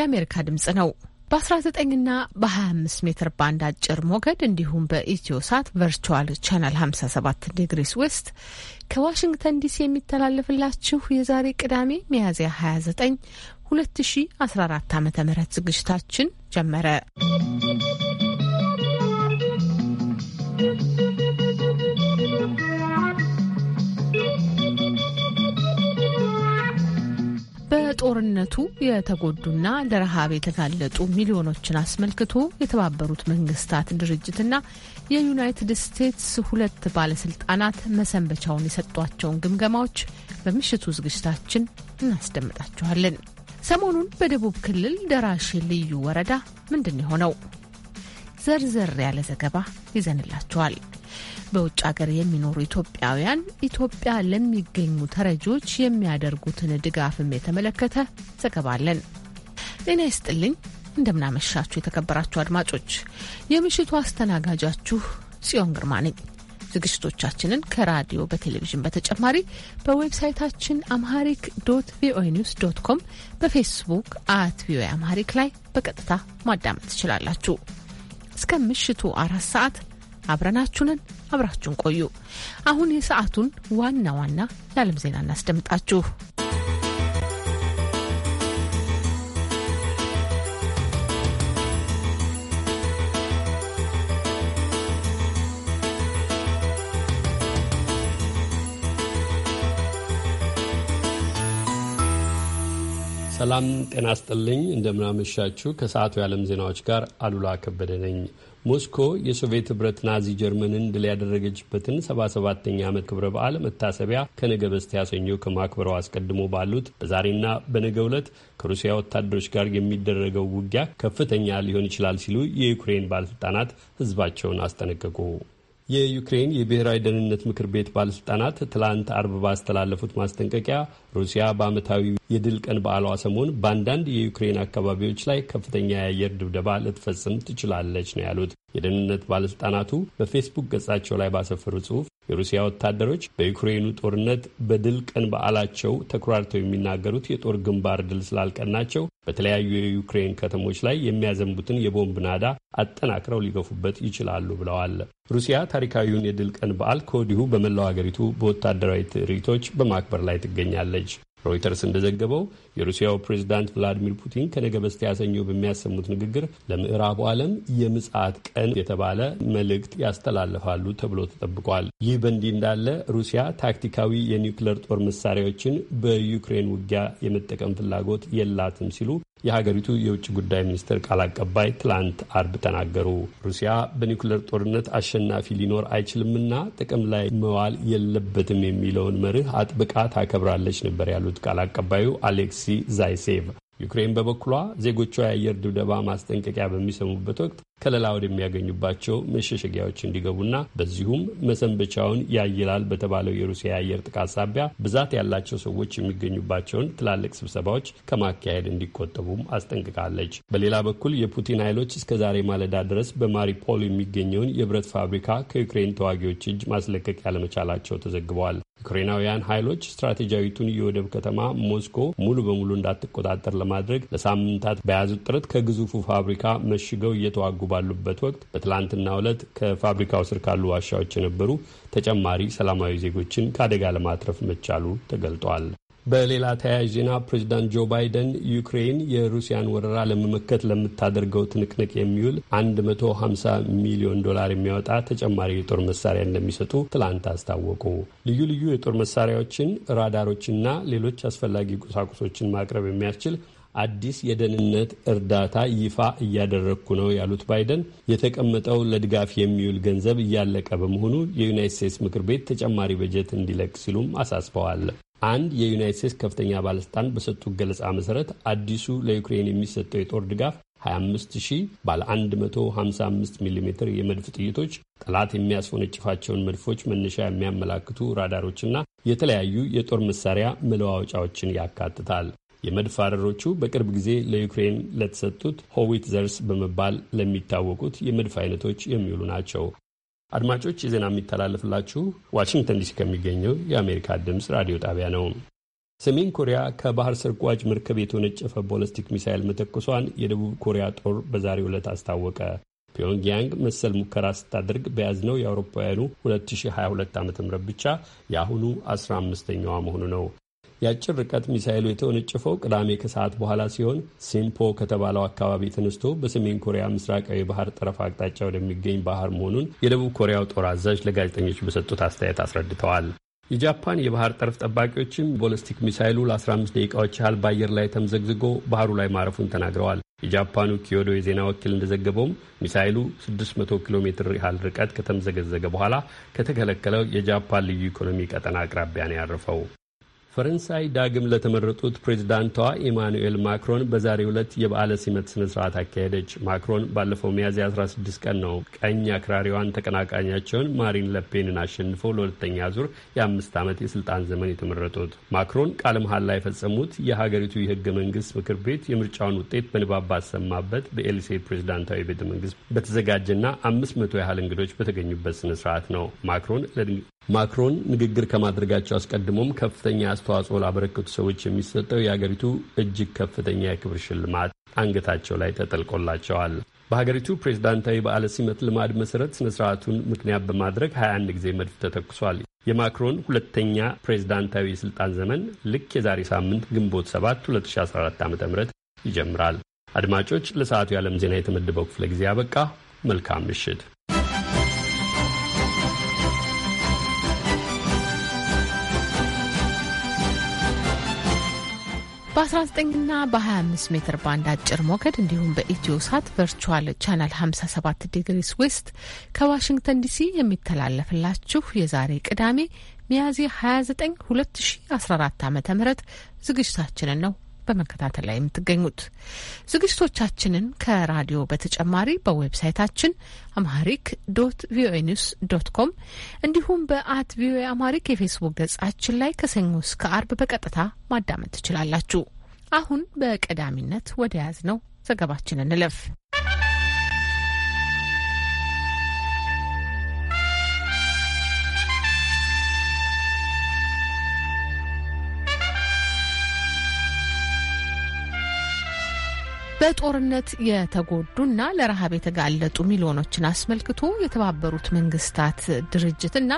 የአሜሪካ ድምጽ ነው። በ19ና በ25 ሜትር ባንድ አጭር ሞገድ እንዲሁም በኢትዮ ሳት ቨርቹዋል ቻናል 57 ዲግሪስ ዌስት ከዋሽንግተን ዲሲ የሚተላለፍላችሁ የዛሬ ቅዳሜ ሚያዝያ 29 2014 ዓ ም ዝግጅታችን ጀመረ። በጦርነቱ የተጎዱና ለረሃብ የተጋለጡ ሚሊዮኖችን አስመልክቶ የተባበሩት መንግስታት ድርጅትና የዩናይትድ ስቴትስ ሁለት ባለስልጣናት መሰንበቻውን የሰጧቸውን ግምገማዎች በምሽቱ ዝግጅታችን እናስደምጣችኋለን። ሰሞኑን በደቡብ ክልል ደራሼ ልዩ ወረዳ ምንድን የሆነው? ዘርዘር ያለ ዘገባ ይዘንላቸዋል። በውጭ ሀገር የሚኖሩ ኢትዮጵያውያን ኢትዮጵያ ለሚገኙ ተረጂዎች የሚያደርጉትን ድጋፍም የተመለከተ ዘገባ አለን። ጤና ይስጥልኝ። እንደምናመሻችሁ የተከበራችሁ አድማጮች፣ የምሽቱ አስተናጋጃችሁ ጽዮን ግርማ ነኝ። ዝግጅቶቻችንን ከራዲዮ በቴሌቪዥን በተጨማሪ በዌብሳይታችን አምሃሪክ ዶት ቪኦኤ ኒውስ ዶት ኮም፣ በፌስቡክ አት ቪኦኤ አምሃሪክ ላይ በቀጥታ ማዳመጥ ትችላላችሁ። እስከ ምሽቱ አራት ሰዓት አብረናችሁንን አብራችሁን ቆዩ። አሁን የሰዓቱን ዋና ዋና የዓለም ዜና እናስደምጣችሁ። ሰላም ጤና ስጥልኝ። እንደምናመሻችሁ ከሰዓቱ የዓለም ዜናዎች ጋር አሉላ ከበደ ነኝ። ሞስኮ የሶቪየት ህብረት ናዚ ጀርመንን ድል ያደረገችበትን 77 ሰባተኛ ዓመት ክብረ በዓል መታሰቢያ ከነገ በስቲያ ሰኞ ከማክበረው አስቀድሞ ባሉት በዛሬና በነገ ዕለት ከሩሲያ ወታደሮች ጋር የሚደረገው ውጊያ ከፍተኛ ሊሆን ይችላል ሲሉ የዩክሬን ባለሥልጣናት ህዝባቸውን አስጠነቀቁ። የዩክሬን የብሔራዊ ደህንነት ምክር ቤት ባለሥልጣናት ትላንት አርብ ባስተላለፉት ማስጠንቀቂያ ሩሲያ በዓመታዊ የድል ቀን በዓሏ ሰሞን በአንዳንድ የዩክሬን አካባቢዎች ላይ ከፍተኛ የአየር ድብደባ ልትፈጽም ትችላለች ነው ያሉት የደህንነት ባለስልጣናቱ በፌስቡክ ገጻቸው ላይ ባሰፈሩ ጽሁፍ የሩሲያ ወታደሮች በዩክሬኑ ጦርነት በድል ቀን በዓላቸው ተኩራርተው የሚናገሩት የጦር ግንባር ድል ስላልቀናቸው በተለያዩ የዩክሬን ከተሞች ላይ የሚያዘንቡትን የቦምብ ናዳ አጠናክረው ሊገፉበት ይችላሉ ብለዋል። ሩሲያ ታሪካዊውን የድል ቀን በዓል ከወዲሁ በመላው ሀገሪቱ በወታደራዊ ትርኢቶች በማክበር ላይ ትገኛለች። ሮይተርስ እንደዘገበው የሩሲያው ፕሬዝዳንት ቭላዲሚር ፑቲን ከነገ በስቲያ ሰኞ በሚያሰሙት ንግግር ለምዕራቡ ዓለም የምጽአት ቀን የተባለ መልእክት ያስተላልፋሉ ተብሎ ተጠብቋል። ይህ በእንዲህ እንዳለ ሩሲያ ታክቲካዊ የኒውክሌር ጦር መሳሪያዎችን በዩክሬን ውጊያ የመጠቀም ፍላጎት የላትም ሲሉ የሀገሪቱ የውጭ ጉዳይ ሚኒስትር ቃል አቀባይ ትላንት አርብ ተናገሩ። ሩሲያ በኒውክሌር ጦርነት አሸናፊ ሊኖር አይችልምና ጥቅም ላይ መዋል የለበትም የሚለውን መርህ አጥብቃ ታከብራለች ነበር ያሉት ቃል አቀባዩ አሌክሲ ዛይሴቭ። ዩክሬን በበኩሏ ዜጎቿ የአየር ድብደባ ማስጠንቀቂያ በሚሰሙበት ወቅት ከለላ ወደሚያገኙባቸው መሸሸጊያዎች እንዲገቡና በዚሁም መሰንበቻውን ያይላል በተባለው የሩሲያ የአየር ጥቃት ሳቢያ ብዛት ያላቸው ሰዎች የሚገኙባቸውን ትላልቅ ስብሰባዎች ከማካሄድ እንዲቆጠቡም አስጠንቅቃለች። በሌላ በኩል የፑቲን ኃይሎች እስከዛሬ ማለዳ ድረስ በማሪፖል የሚገኘውን የብረት ፋብሪካ ከዩክሬን ተዋጊዎች እጅ ማስለቀቅ ያለመቻላቸው ተዘግበዋል። ዩክሬናውያን ኃይሎች ስትራቴጂያዊቱን የወደብ ከተማ ሞስኮ ሙሉ በሙሉ እንዳትቆጣጠር ለማድረግ ለሳምንታት በያዙት ጥረት ከግዙፉ ፋብሪካ መሽገው እየተዋጉ ባሉበት ወቅት በትላንትና ዕለት ከፋብሪካው ስር ካሉ ዋሻዎች የነበሩ ተጨማሪ ሰላማዊ ዜጎችን ከአደጋ ለማትረፍ መቻሉ ተገልጧል። በሌላ ተያያዥ ዜና ፕሬዚዳንት ጆ ባይደን ዩክሬን የሩሲያን ወረራ ለመመከት ለምታደርገው ትንቅንቅ የሚውል 150 ሚሊዮን ዶላር የሚያወጣ ተጨማሪ የጦር መሳሪያ እንደሚሰጡ ትላንት አስታወቁ። ልዩ ልዩ የጦር መሳሪያዎችን፣ ራዳሮችና ሌሎች አስፈላጊ ቁሳቁሶችን ማቅረብ የሚያስችል አዲስ የደህንነት እርዳታ ይፋ እያደረግኩ ነው ያሉት ባይደን የተቀመጠው ለድጋፍ የሚውል ገንዘብ እያለቀ በመሆኑ የዩናይት ስቴትስ ምክር ቤት ተጨማሪ በጀት እንዲለቅ ሲሉም አሳስበዋል። አንድ የዩናይት ስቴትስ ከፍተኛ ባለስልጣን በሰጡት ገለጻ መሰረት አዲሱ ለዩክሬን የሚሰጠው የጦር ድጋፍ 25000 ባለ 155 ሜትር የመድፍ ጥይቶች፣ ጠላት የሚያስወነጭፋቸውን መድፎች መነሻ የሚያመላክቱ ራዳሮችና የተለያዩ የጦር መሳሪያ መለዋወጫዎችን ያካትታል። አረሮቹ በቅርብ ጊዜ ለዩክሬን ለተሰጡት ሆዊትዘርስ በመባል ለሚታወቁት የመድፍ አይነቶች የሚውሉ ናቸው። አድማጮች የዜና የሚተላለፍላችሁ ዋሽንግተን ዲሲ ከሚገኘው የአሜሪካ ድምፅ ራዲዮ ጣቢያ ነው። ሰሜን ኮሪያ ከባህር ሰርጓጅ መርከብ የተወነጨፈ ቦለስቲክ ሚሳይል መተኮሷን የደቡብ ኮሪያ ጦር በዛሬው ዕለት አስታወቀ። ፒዮንግያንግ መሰል ሙከራ ስታደርግ በያዝነው የአውሮፓውያኑ 2022 ዓ ም ብቻ የአሁኑ 15ኛዋ መሆኑ ነው። የአጭር ርቀት ሚሳይሉ የተወነጨፈው ቅዳሜ ከሰዓት በኋላ ሲሆን ሲምፖ ከተባለው አካባቢ ተነስቶ በሰሜን ኮሪያ ምስራቃዊ ባህር ጠረፍ አቅጣጫ ወደሚገኝ ባህር መሆኑን የደቡብ ኮሪያው ጦር አዛዥ ለጋዜጠኞች በሰጡት አስተያየት አስረድተዋል። የጃፓን የባህር ጠረፍ ጠባቂዎችም ቦለስቲክ ሚሳይሉ ለ15 ደቂቃዎች ያህል በአየር ላይ ተምዘግዝጎ ባህሩ ላይ ማረፉን ተናግረዋል። የጃፓኑ ኪዮዶ የዜና ወኪል እንደዘገበውም ሚሳይሉ 600 ኪሎ ሜትር ያህል ርቀት ከተምዘገዘገ በኋላ ከተከለከለው የጃፓን ልዩ ኢኮኖሚ ቀጠና አቅራቢያ ነው ያረፈው። ፈረንሳይ ዳግም ለተመረጡት ፕሬዚዳንቷ ኢማኑኤል ማክሮን በዛሬው ዕለት የበዓለ ሲመት ስነ ስርዓት አካሄደች። ማክሮን ባለፈው ሚያዝያ 16 ቀን ነው ቀኝ አክራሪዋን ተቀናቃኛቸውን ማሪን ለፔንን አሸንፈው ለሁለተኛ ዙር የአምስት ዓመት የስልጣን ዘመን የተመረጡት። ማክሮን ቃለ ላይ የፈጸሙት የሀገሪቱ የህገ መንግስት ምክር ቤት የምርጫውን ውጤት በንባብ ባሰማበት በኤልሴ ፕሬዚዳንታዊ ቤተ መንግስት በተዘጋጀና አምስት መቶ ያህል እንግዶች በተገኙበት ስነ ስርዓት ነው። ማክሮን ንግግር ከማድረጋቸው አስቀድሞም ከፍተኛ አስተዋጽኦ ላበረከቱ ሰዎች የሚሰጠው የአገሪቱ እጅግ ከፍተኛ የክብር ሽልማት አንገታቸው ላይ ተጠልቆላቸዋል። በሀገሪቱ ፕሬዝዳንታዊ በዓለ ሲመት ልማድ መሰረት ስነ ስርዓቱን ምክንያት በማድረግ 21 ጊዜ መድፍ ተተኩሷል። የማክሮን ሁለተኛ ፕሬዝዳንታዊ የስልጣን ዘመን ልክ የዛሬ ሳምንት ግንቦት 7 2014 ዓ ም ይጀምራል። አድማጮች፣ ለሰዓቱ የዓለም ዜና የተመደበው ክፍለ ጊዜ አበቃ። መልካም ምሽት። በ19 ና በ25 ሜትር ባንድ አጭር ሞገድ እንዲሁም በኢትዮ ሳት ቨርቹዋል ቻናል 57 ዲግሪስ ዌስት ከዋሽንግተን ዲሲ የሚተላለፍላችሁ የዛሬ ቅዳሜ ሚያዝያ 29 2014 ዓ ም ዝግጅታችንን ነው በመከታተል ላይ የምትገኙት። ዝግጅቶቻችንን ከራዲዮ በተጨማሪ በዌብሳይታችን አማሪክ ዶት ቪኦኤ ኒውስ ዶት ኮም እንዲሁም በአት ቪኦኤ አማሪክ የፌስቡክ ገጻችን ላይ ከሰኞ እስከ አርብ በቀጥታ ማዳመጥ ትችላላችሁ። አሁን በቀዳሚነት ወደ ያዝ ነው ዘገባችን እንለፍ። በጦርነት የተጎዱና ለረሃብ የተጋለጡ ሚሊዮኖችን አስመልክቶ የተባበሩት መንግስታት ድርጅትና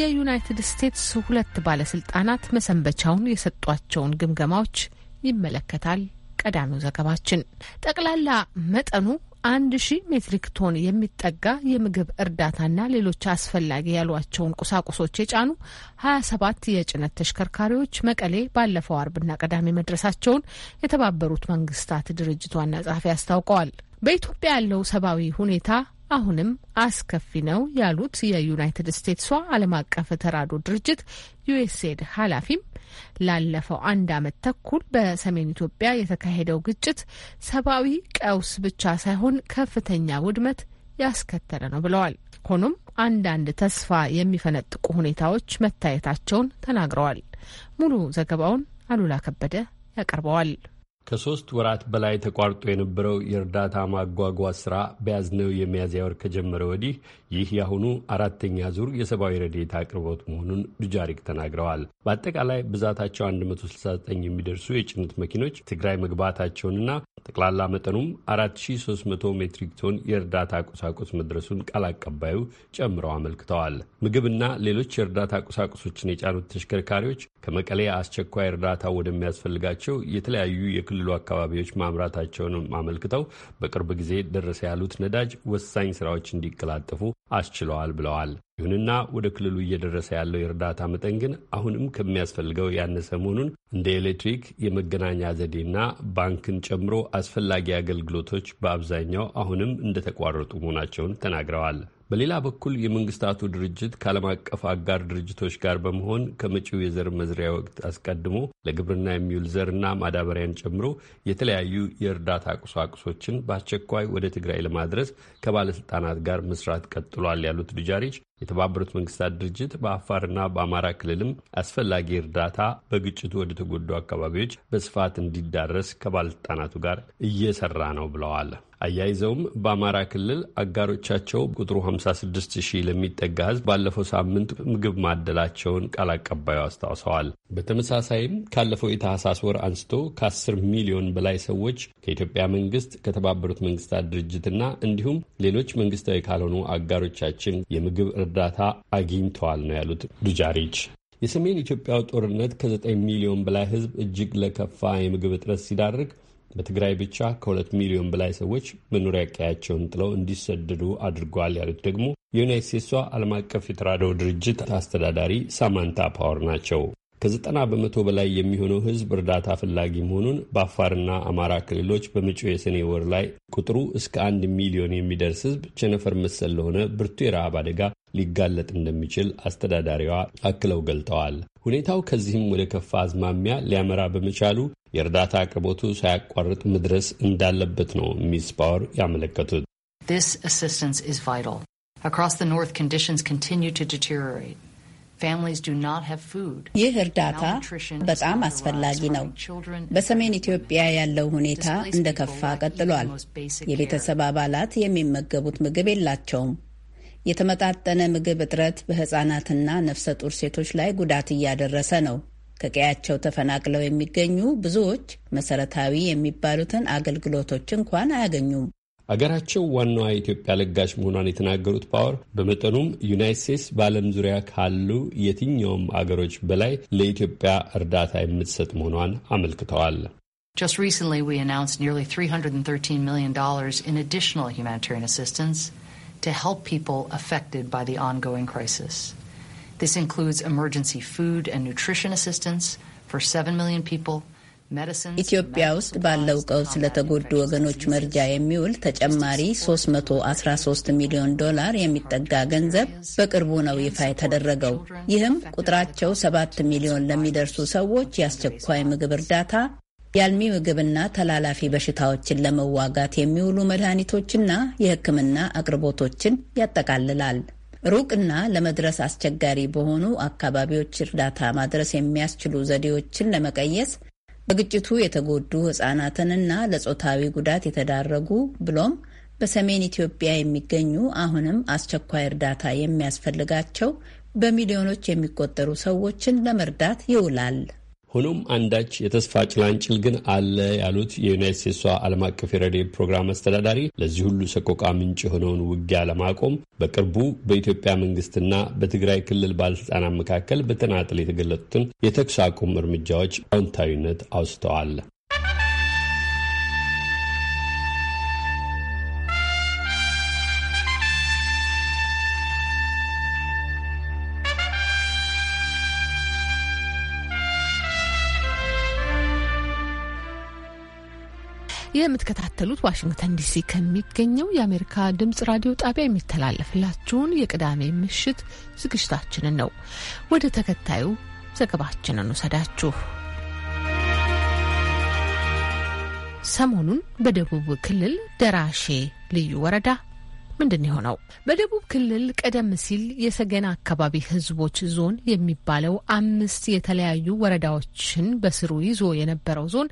የዩናይትድ ስቴትስ ሁለት ባለስልጣናት መሰንበቻውን የሰጧቸውን ግምገማዎች ይመለከታል። ቀዳሚው ዘገባችን ጠቅላላ መጠኑ አንድ ሺህ ሜትሪክ ቶን የሚጠጋ የምግብ እርዳታና ሌሎች አስፈላጊ ያሏቸውን ቁሳቁሶች የጫኑ ሀያ ሰባት የጭነት ተሽከርካሪዎች መቀሌ ባለፈው አርብና ቅዳሜ መድረሳቸውን የተባበሩት መንግስታት ድርጅት ዋና ጸሐፊ አስታውቀዋል። በኢትዮጵያ ያለው ሰብአዊ ሁኔታ አሁንም አስከፊ ነው ያሉት የዩናይትድ ስቴትሷ ዓለም አቀፍ ተራድኦ ድርጅት ዩኤስኤድ ኃላፊም ላለፈው አንድ አመት ተኩል በሰሜን ኢትዮጵያ የተካሄደው ግጭት ሰብአዊ ቀውስ ብቻ ሳይሆን ከፍተኛ ውድመት ያስከተለ ነው ብለዋል። ሆኖም አንዳንድ ተስፋ የሚፈነጥቁ ሁኔታዎች መታየታቸውን ተናግረዋል። ሙሉ ዘገባውን አሉላ ከበደ ያቀርበዋል። ከሶስት ወራት በላይ ተቋርጦ የነበረው የእርዳታ ማጓጓዝ ስራ በያዝነው የሚያዝያ ወር ከጀመረ ወዲህ ይህ የአሁኑ አራተኛ ዙር የሰብአዊ ረድኤት አቅርቦት መሆኑን ዱጃሪክ ተናግረዋል። በአጠቃላይ ብዛታቸው 169 የሚደርሱ የጭነት መኪኖች ትግራይ መግባታቸውንና ጠቅላላ መጠኑም 4300 ሜትሪክ ቶን የእርዳታ ቁሳቁስ መድረሱን ቃል አቀባዩ ጨምረው አመልክተዋል። ምግብና ሌሎች የእርዳታ ቁሳቁሶችን የጫኑት ተሽከርካሪዎች ከመቀሌ አስቸኳይ እርዳታ ወደሚያስፈልጋቸው የተለያዩ የክልል ክልሉ አካባቢዎች ማምራታቸውንም አመልክተው በቅርብ ጊዜ ደረሰ ያሉት ነዳጅ ወሳኝ ስራዎች እንዲቀላጠፉ አስችለዋል ብለዋል። ይሁንና ወደ ክልሉ እየደረሰ ያለው የእርዳታ መጠን ግን አሁንም ከሚያስፈልገው ያነሰ መሆኑን እንደ ኤሌክትሪክ፣ የመገናኛ ዘዴና ባንክን ጨምሮ አስፈላጊ አገልግሎቶች በአብዛኛው አሁንም እንደተቋረጡ መሆናቸውን ተናግረዋል። በሌላ በኩል የመንግስታቱ ድርጅት ከዓለም አቀፍ አጋር ድርጅቶች ጋር በመሆን ከመጪው የዘር መዝሪያ ወቅት አስቀድሞ ለግብርና የሚውል ዘርና ማዳበሪያን ጨምሮ የተለያዩ የእርዳታ ቁሳቁሶችን በአስቸኳይ ወደ ትግራይ ለማድረስ ከባለስልጣናት ጋር መስራት ቀጥሏል ያሉት ዱጃሪች የተባበሩት መንግስታት ድርጅት በአፋርና በአማራ ክልልም አስፈላጊ እርዳታ በግጭቱ ወደ ተጎዱ አካባቢዎች በስፋት እንዲዳረስ ከባለስልጣናቱ ጋር እየሰራ ነው ብለዋል። አያይዘውም በአማራ ክልል አጋሮቻቸው ቁጥሩ 56 ሺህ ለሚጠጋ ህዝብ ባለፈው ሳምንት ምግብ ማደላቸውን ቃል አቀባዩ አስታውሰዋል። በተመሳሳይም ካለፈው የታህሳስ ወር አንስቶ ከ10 ሚሊዮን በላይ ሰዎች ከኢትዮጵያ መንግስት ከተባበሩት መንግስታት ድርጅትና እንዲሁም ሌሎች መንግስታዊ ካልሆኑ አጋሮቻችን የምግብ እርዳታ አግኝተዋል ነው ያሉት ዱጃሪች። የሰሜን ኢትዮጵያው ጦርነት ከ9 ሚሊዮን በላይ ህዝብ እጅግ ለከፋ የምግብ እጥረት ሲዳርግ በትግራይ ብቻ ከሁለት ሚሊዮን በላይ ሰዎች መኖሪያ ቀያቸውን ጥለው እንዲሰደዱ አድርጓል ያሉት ደግሞ የዩናይት ስቴትሷ ዓለም አቀፍ የተራድኦ ድርጅት አስተዳዳሪ ሳማንታ ፓወር ናቸው። ከዘጠና በመቶ በላይ የሚሆነው ሕዝብ እርዳታ ፈላጊ መሆኑን በአፋርና አማራ ክልሎች በመጪው የሰኔ ወር ላይ ቁጥሩ እስከ አንድ ሚሊዮን የሚደርስ ሕዝብ ቸነፈር መሰል ለሆነ ብርቱ የረሃብ አደጋ ሊጋለጥ እንደሚችል አስተዳዳሪዋ አክለው ገልጠዋል። ሁኔታው ከዚህም ወደ ከፋ አዝማሚያ ሊያመራ በመቻሉ የእርዳታ አቅርቦቱ ሳያቋርጥ መድረስ እንዳለበት ነው ሚስ ፓወር ያመለከቱት። This assistance is vital. Across the north conditions continue to deteriorate. ይህ እርዳታ በጣም አስፈላጊ ነው። በሰሜን ኢትዮጵያ ያለው ሁኔታ እንደከፋ ቀጥሏል። የቤተሰብ አባላት የሚመገቡት ምግብ የላቸውም። የተመጣጠነ ምግብ እጥረት በህጻናትና ነፍሰ ጡር ሴቶች ላይ ጉዳት እያደረሰ ነው። ከቀያቸው ተፈናቅለው የሚገኙ ብዙዎች መሰረታዊ የሚባሉትን አገልግሎቶች እንኳን አያገኙም። አገራቸው ዋናዋ የኢትዮጵያ ለጋሽ መሆኗን የተናገሩት ፓወር በመጠኑም ዩናይት ስቴትስ በዓለም ዙሪያ ካሉ የትኛውም አገሮች በላይ ለኢትዮጵያ እርዳታ የምትሰጥ መሆኗን አመልክተዋል። Just recently we announced nearly $313 million in additional humanitarian assistance. to help people affected by the ongoing crisis. This includes emergency food and nutrition assistance for 7 million people. ኢትዮጵያ ውስጥ ባለው ቀውስ ለተጎዱ ወገኖች መርጃ የሚውል ተጨማሪ 313 ሚሊዮን ዶላር የሚጠጋ ገንዘብ በቅርቡ ነው ይፋ የተደረገው። ይህም ቁጥራቸው 7 ሚሊዮን ለሚደርሱ ሰዎች የአስቸኳይ ምግብ እርዳታ የአልሚ ምግብና ተላላፊ በሽታዎችን ለመዋጋት የሚውሉ መድኃኒቶችና የሕክምና አቅርቦቶችን ያጠቃልላል። ሩቅና ለመድረስ አስቸጋሪ በሆኑ አካባቢዎች እርዳታ ማድረስ የሚያስችሉ ዘዴዎችን ለመቀየስ በግጭቱ የተጎዱ ህጻናትንና ለጾታዊ ጉዳት የተዳረጉ ብሎም በሰሜን ኢትዮጵያ የሚገኙ አሁንም አስቸኳይ እርዳታ የሚያስፈልጋቸው በሚሊዮኖች የሚቆጠሩ ሰዎችን ለመርዳት ይውላል። ሆኖም አንዳች የተስፋ ጭላንጭል ግን አለ ያሉት የዩናይት ስቴትሷ ዓለም አቀፍ የረድኤት ፕሮግራም አስተዳዳሪ ለዚህ ሁሉ ሰቆቃ ምንጭ የሆነውን ውጊያ ለማቆም በቅርቡ በኢትዮጵያ መንግስትና በትግራይ ክልል ባለስልጣናት መካከል በተናጥል የተገለጡትን የተኩስ አቁም እርምጃዎች አዎንታዊነት አውስተዋል። የምትከታተሉት ዋሽንግተን ዲሲ ከሚገኘው የአሜሪካ ድምጽ ራዲዮ ጣቢያ የሚተላለፍላችሁን የቅዳሜ ምሽት ዝግጅታችንን ነው። ወደ ተከታዩ ዘገባችንን ውሰዳችሁ። ሰሞኑን በደቡብ ክልል ደራሼ ልዩ ወረዳ ምንድን የሆነው? በደቡብ ክልል ቀደም ሲል የሰገና አካባቢ ህዝቦች ዞን የሚባለው አምስት የተለያዩ ወረዳዎችን በስሩ ይዞ የነበረው ዞን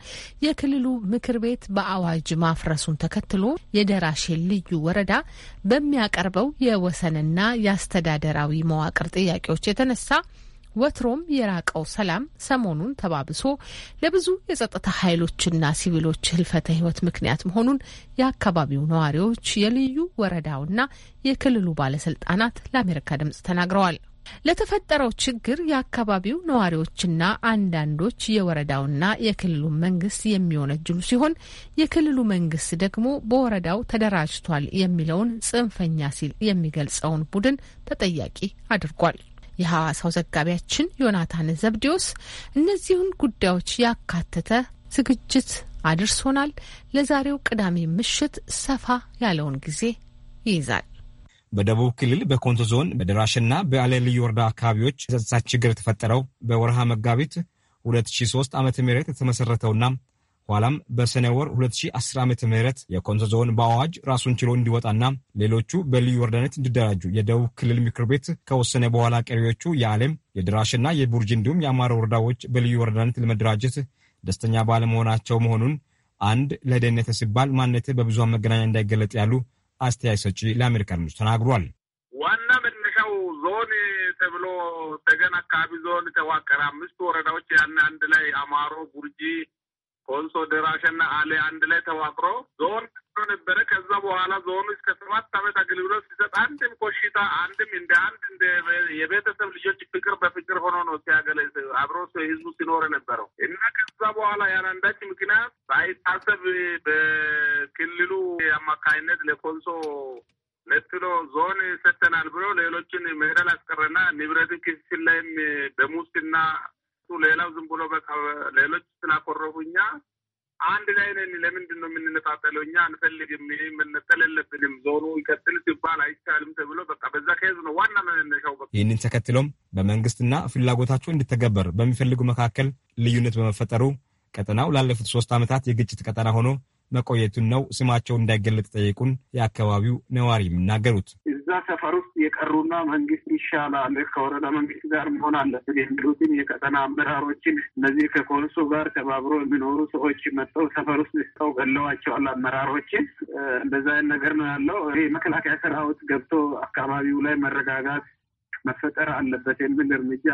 የክልሉ ምክር ቤት በአዋጅ ማፍረሱን ተከትሎ የደራሼ ልዩ ወረዳ በሚያቀርበው የወሰንና የአስተዳደራዊ መዋቅር ጥያቄዎች የተነሳ ወትሮም የራቀው ሰላም ሰሞኑን ተባብሶ ለብዙ የጸጥታ ኃይሎችና ሲቪሎች ህልፈተ ህይወት ምክንያት መሆኑን የአካባቢው ነዋሪዎች፣ የልዩ ወረዳውና የክልሉ ባለስልጣናት ለአሜሪካ ድምጽ ተናግረዋል። ለተፈጠረው ችግር የአካባቢው ነዋሪዎችና አንዳንዶች የወረዳውና የክልሉ መንግስት የሚወነጅሉ ሲሆን የክልሉ መንግስት ደግሞ በወረዳው ተደራጅቷል የሚለውን ጽንፈኛ ሲል የሚገልጸውን ቡድን ተጠያቂ አድርጓል። የሐዋሳው ዘጋቢያችን ዮናታን ዘብዴዎስ እነዚሁን ጉዳዮች ያካተተ ዝግጅት አድርሶናል። ለዛሬው ቅዳሜ ምሽት ሰፋ ያለውን ጊዜ ይይዛል። በደቡብ ክልል በኮንቶ ዞን በደራሽና በአሌ ልዩ ወረዳ አካባቢዎች የጸጥታ ችግር የተፈጠረው በወርሃ መጋቢት 2003 ዓ ም የተመሠረተውና ኋላም በሰኔ ወር 2010 ዓ ም የኮንሶ ዞን በአዋጅ ራሱን ችሎ እንዲወጣና ሌሎቹ በልዩ ወረዳነት እንዲደራጁ የደቡብ ክልል ምክር ቤት ከወሰነ በኋላ ቀሪዎቹ የዓለም የድራሽና የቡርጅ እንዲሁም የአማሮ ወረዳዎች በልዩ ወረዳነት ለመደራጀት ደስተኛ ባለመሆናቸው መሆኑን አንድ ለደህንነት ሲባል ማንነት በብዙሃን መገናኛ እንዳይገለጥ ያሉ አስተያየት ሰጪ ለአሜሪካ ድምፅ ተናግሯል። ዋና መነሻው ዞን ተብሎ ተገን አካባቢ ዞን ተዋቀረ። አምስቱ ወረዳዎች ያን አንድ ላይ አማሮ፣ ቡርጂ ኮንሶ ደራሽና አሌ አንድ ላይ ተዋቅሮ ዞን ነበረ። ከዛ በኋላ ዞኑ እስከ ሰባት ዓመት አገልግሎት ሲሰጥ አንድም ኮሽታ አንድም እንደ አንድ እንደ የቤተሰብ ልጆች ፍቅር በፍቅር ሆኖ ነው ሲያገለ አብሮ ህዝቡ ሲኖር ነበረው እና ከዛ በኋላ ያለአንዳች ምክንያት ሳይታሰብ በክልሉ አማካኝነት ለኮንሶ ለትሎ ዞን ሰተናል ብሎ ሌሎችን ምህረል አስቀረና ንብረትን ክፍፍል ላይም በሙስና ሌላው ዝም ብሎ በቃ ሌሎች ስላኮረፉኛ አንድ ላይ ነን። ለምንድን ነው የምንነጣጠለው? እኛ አንፈልግም፣ መነጠል የለብንም፣ ዞኑ ይቀጥል ሲባል አይቻልም ተብሎ በቃ በዛ ከያዝ ነው ዋና መነሻው። ይህንን ተከትሎም በመንግስትና ፍላጎታቸው እንዲተገበር በሚፈልጉ መካከል ልዩነት በመፈጠሩ ቀጠናው ላለፉት ሶስት ዓመታት የግጭት ቀጠና ሆኖ መቆየቱን ነው ስማቸው እንዳይገለጥ ጠየቁን የአካባቢው ነዋሪ የሚናገሩት። እዛ ሰፈር ውስጥ የቀሩና መንግስት ይሻላል ከወረዳ መንግስት ጋር መሆን አለብን የሚሉትን የቀጠና አመራሮችን እነዚህ ከኮንሶ ጋር ተባብሮ የሚኖሩ ሰዎች መጠው ሰፈር ውስጥ ስጠው ገለዋቸዋል። አመራሮችን እንደዛ ነገር ነው ያለው። ይሄ መከላከያ ሰራዊት ገብቶ አካባቢው ላይ መረጋጋት መፈጠር አለበት የሚል እርምጃ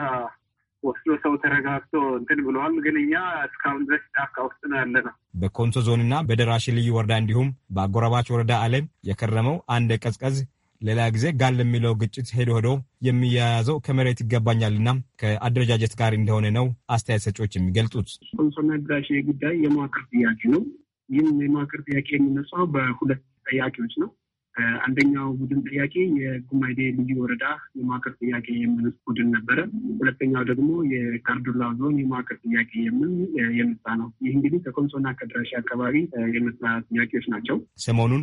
ወስዶ ሰው ተረጋግቶ እንትን ብለዋል። ግን እኛ እስካሁን ድረስ ጫካ ውስጥ ነው ያለ ነው። በኮንሶ ዞንና በደራሽ ልዩ ወረዳ እንዲሁም በአጎራባች ወረዳ አለም የከረመው አንድ ቀዝቀዝ ሌላ ጊዜ ጋል የሚለው ግጭት ሄዶ ሄዶ የሚያያዘው ከመሬት ይገባኛልና ከአደረጃጀት ጋር እንደሆነ ነው አስተያየት ሰጪዎች የሚገልጡት። ስፖንሰርና ድራሽ ጉዳይ የመዋቅር ጥያቄ ነው። ይህም የመዋቅር ጥያቄ የሚነሳው በሁለት ጥያቄዎች ነው። አንደኛው ቡድን ጥያቄ የጉማይዴ ልዩ ወረዳ የመዋቅር ጥያቄ የሚል ቡድን ነበረ። ሁለተኛው ደግሞ የካርዱላ ዞን የመዋቅር ጥያቄ የሚል የመጣ ነው። ይህ እንግዲህ ከኮንሶና ከድራሽ አካባቢ የመጣ ጥያቄዎች ናቸው። ሰሞኑን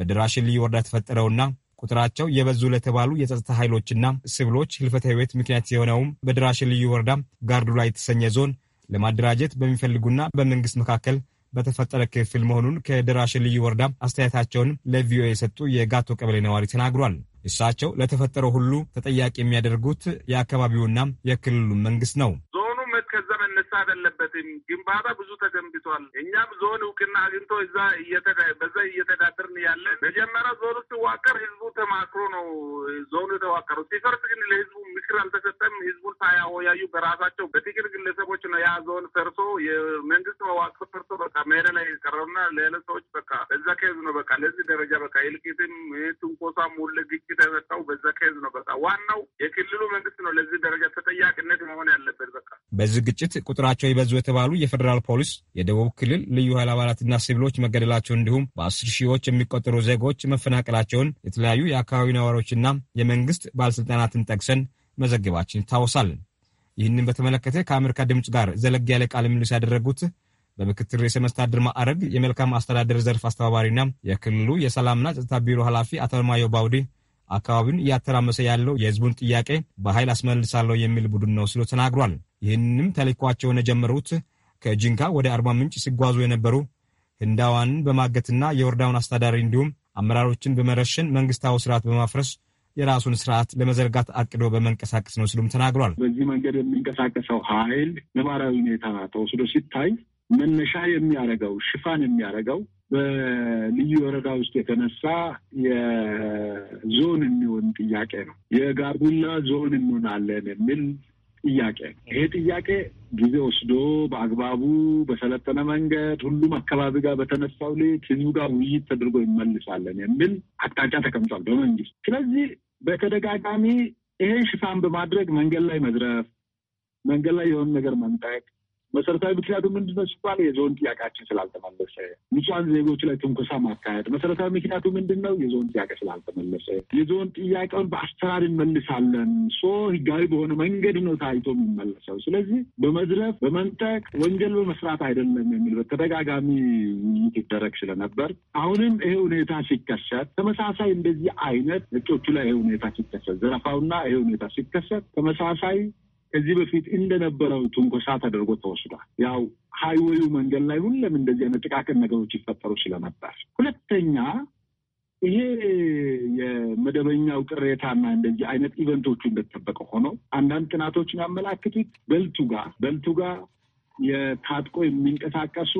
በድራሽ ልዩ ወረዳ የተፈጠረውና ቁጥራቸው የበዙ ለተባሉ የጸጥታ ኃይሎችና ስብሎች ህልፈተ ህይወት ምክንያት የሆነውም በድራሽ ልዩ ወረዳ ጋርዱላ የተሰኘ ዞን ለማደራጀት በሚፈልጉና በመንግስት መካከል በተፈጠረ ክፍል መሆኑን ከድራሽ ልዩ ወረዳ አስተያየታቸውን ለቪኦኤ የሰጡ የጋቶ ቀበሌ ነዋሪ ተናግሯል። እሳቸው ለተፈጠረው ሁሉ ተጠያቂ የሚያደርጉት የአካባቢውና የክልሉ መንግስት ነው። አይደለበትም። ግንባታ ብዙ ተገንብቷል። እኛም ዞን እውቅና አግኝቶ እዛ በዛ እየተዳደርን ያለን መጀመሪያ ዞኑ ሲዋቀር ህዝቡ ተማክሮ ነው ዞኑ የተዋቀረው። ሲፈርስ ግን ለህዝቡ ምክር አልተሰጠም። ህዝቡን ሳያወያዩ በራሳቸው በጥቂት ግለሰቦች ነው ያ ዞን ፈርሶ የመንግስት መዋቅር ፈርሶ በቃ ሜዳ ላይ የቀረውና ለሌለ ሰዎች በቃ በዛ ከዝ ነው በቃ ለዚህ ደረጃ በቃ ይልቂትም ትንኮሳም ሙለ ግጭት የመጣው በዛ ከዝ ነው በቃ ዋናው የክልሉ መንግስት ነው ለዚህ ደረጃ ተጠያቂነት መሆን ያለበት በቃ በዚህ ግጭት ቁጥራቸው ቁጥራቸው ይበዙ የተባሉ የፌዴራል ፖሊስ የደቡብ ክልል ልዩ ኃይል አባላትና ሲቪሎች መገደላቸውን እንዲሁም በአስር ሺዎች የሚቆጠሩ ዜጎች መፈናቀላቸውን የተለያዩ የአካባቢ ነዋሪዎችና የመንግስት ባለሥልጣናትን ጠቅሰን መዘግባችን ይታወሳል። ይህንን በተመለከተ ከአሜሪካ ድምፅ ጋር ዘለግ ያለ ቃለ ምልልስ ያደረጉት በምክትል ርዕሰ መስተዳድር ማዕረግ የመልካም አስተዳደር ዘርፍ አስተባባሪና የክልሉ የሰላምና ጸጥታ ቢሮ ኃላፊ አቶ አለማየሁ ባውዴ አካባቢውን እያተራመሰ ያለው የህዝቡን ጥያቄ በኃይል አስመልሳለሁ የሚል ቡድን ነው ሲሉ ተናግሯል። ይህንም ተልዕኳቸውን የጀመሩት ከጂንካ ወደ አርባ ምንጭ ሲጓዙ የነበሩ ህንዳዋንን በማገትና የወረዳውን አስተዳዳሪ እንዲሁም አመራሮችን በመረሸን መንግስታዊ ስርዓት በማፍረስ የራሱን ስርዓት ለመዘርጋት አቅዶ በመንቀሳቀስ ነው ሲሉም ተናግሯል። በዚህ መንገድ የሚንቀሳቀሰው ኃይል ነባራዊ ሁኔታ ተወስዶ ሲታይ መነሻ የሚያደርገው ሽፋን የሚያደርገው በልዩ ወረዳ ውስጥ የተነሳ የዞን የሚሆን ጥያቄ ነው። የጋርቡላ ዞን እንሆናለን የሚል ጥያቄ ነው። ይሄ ጥያቄ ጊዜ ወስዶ በአግባቡ በሰለጠነ መንገድ ሁሉም አካባቢ ጋር በተነሳው ልክ ህዝቡ ጋር ውይይት ተደርጎ ይመልሳለን የሚል አቅጣጫ ተቀምጧል በመንግስት። ስለዚህ በተደጋጋሚ ይሄን ሽፋን በማድረግ መንገድ ላይ መዝረፍ፣ መንገድ ላይ የሆነ ነገር መንጠቅ መሰረታዊ ምክንያቱ ምንድነው ሲባል የዞን ጥያቄያችን ስላልተመለሰ፣ ንጹሐን ዜጎች ላይ ትንኮሳ ማካሄድ። መሰረታዊ ምክንያቱ ምንድነው? የዞን ጥያቄ ስላልተመለሰ። የዞን ጥያቄውን በአሰራር እንመልሳለን ሶ ህጋዊ በሆነ መንገድ ነው ታይቶ የሚመለሰው። ስለዚህ በመዝረፍ በመንጠቅ ወንጀል በመስራት አይደለም የሚል በተደጋጋሚ ውይይት ይደረግ ስለነበር አሁንም ይሄ ሁኔታ ሲከሰት ተመሳሳይ እንደዚህ አይነት እጮቹ ላይ ይሄ ሁኔታ ሲከሰት ዘረፋውና ይሄ ሁኔታ ሲከሰት ተመሳሳይ ከዚህ በፊት እንደነበረው ትንኮሳ ተደርጎ ተወስዷል። ያው ሀይወዩ መንገድ ላይ ሁለም እንደዚህ አይነት ጥቃቅን ነገሮች ይፈጠሩ ስለነበር፣ ሁለተኛ ይሄ የመደበኛው ቅሬታና እንደዚህ አይነት ኢቨንቶቹ እንደተጠበቀ ሆኖ አንዳንድ ጥናቶችን ያመላክቱት በልቱጋ ጋር የታጥቆ የሚንቀሳቀሱ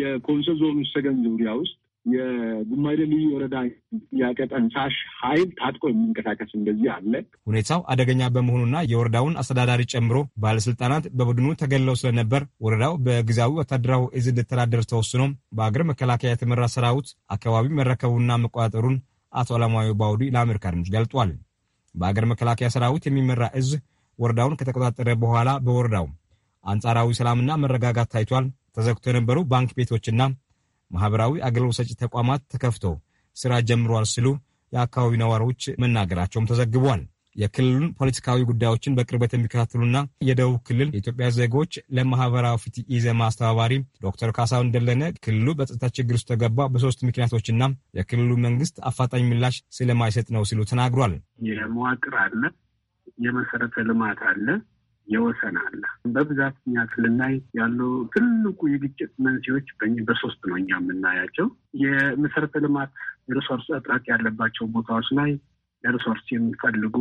የኮንሶ ዞኑ ሰገን ዙሪያ ውስጥ የጉማሌ ልዩ ወረዳ ጥያቄ ጠንሳሽ ኃይል ታጥቆ የሚንቀሳቀስ እንደዚህ አለ። ሁኔታው አደገኛ በመሆኑና የወረዳውን አስተዳዳሪ ጨምሮ ባለስልጣናት በቡድኑ ተገለው ስለነበር ወረዳው በጊዜያዊ ወታደራዊ እዝ እንዲተዳደር ተወስኖ በአገር መከላከያ የተመራ ሰራዊት አካባቢ መረከቡና መቆጣጠሩን አቶ አለማዊ ባውዲ ለአሜሪካ ድምፅ ገልጧል። በአገር መከላከያ ሰራዊት የሚመራ እዝ ወረዳውን ከተቆጣጠረ በኋላ በወረዳው አንጻራዊ ሰላምና መረጋጋት ታይቷል። ተዘግቶ የነበሩ ባንክ ቤቶችና ማህበራዊ አገልግሎት ሰጪ ተቋማት ተከፍቶ ስራ ጀምሯል ሲሉ የአካባቢው ነዋሪዎች መናገራቸውም ተዘግቧል። የክልሉን ፖለቲካዊ ጉዳዮችን በቅርበት የሚከታተሉና የደቡብ ክልል የኢትዮጵያ ዜጎች ለማህበራዊ ፍትህ ኢዜማ አስተባባሪ ዶክተር ካሳው እንደለነ ክልሉ በጸጥታ ችግር ውስጥ ተገባ በሶስት ምክንያቶችና የክልሉ መንግስት አፋጣኝ ምላሽ ስለማይሰጥ ነው ሲሉ ተናግሯል። የመዋቅር አለ፣ የመሰረተ ልማት አለ፣ የወሰን አለ። በብዛት እኛ ስልናይ ያሉ ትልቁ የግጭት መንስኤዎች በሶስት ነው እኛ የምናያቸው። የመሰረተ ልማት ሪሶርስ እጥረት ያለባቸው ቦታዎች ላይ ሪሶርስ የሚፈልጉ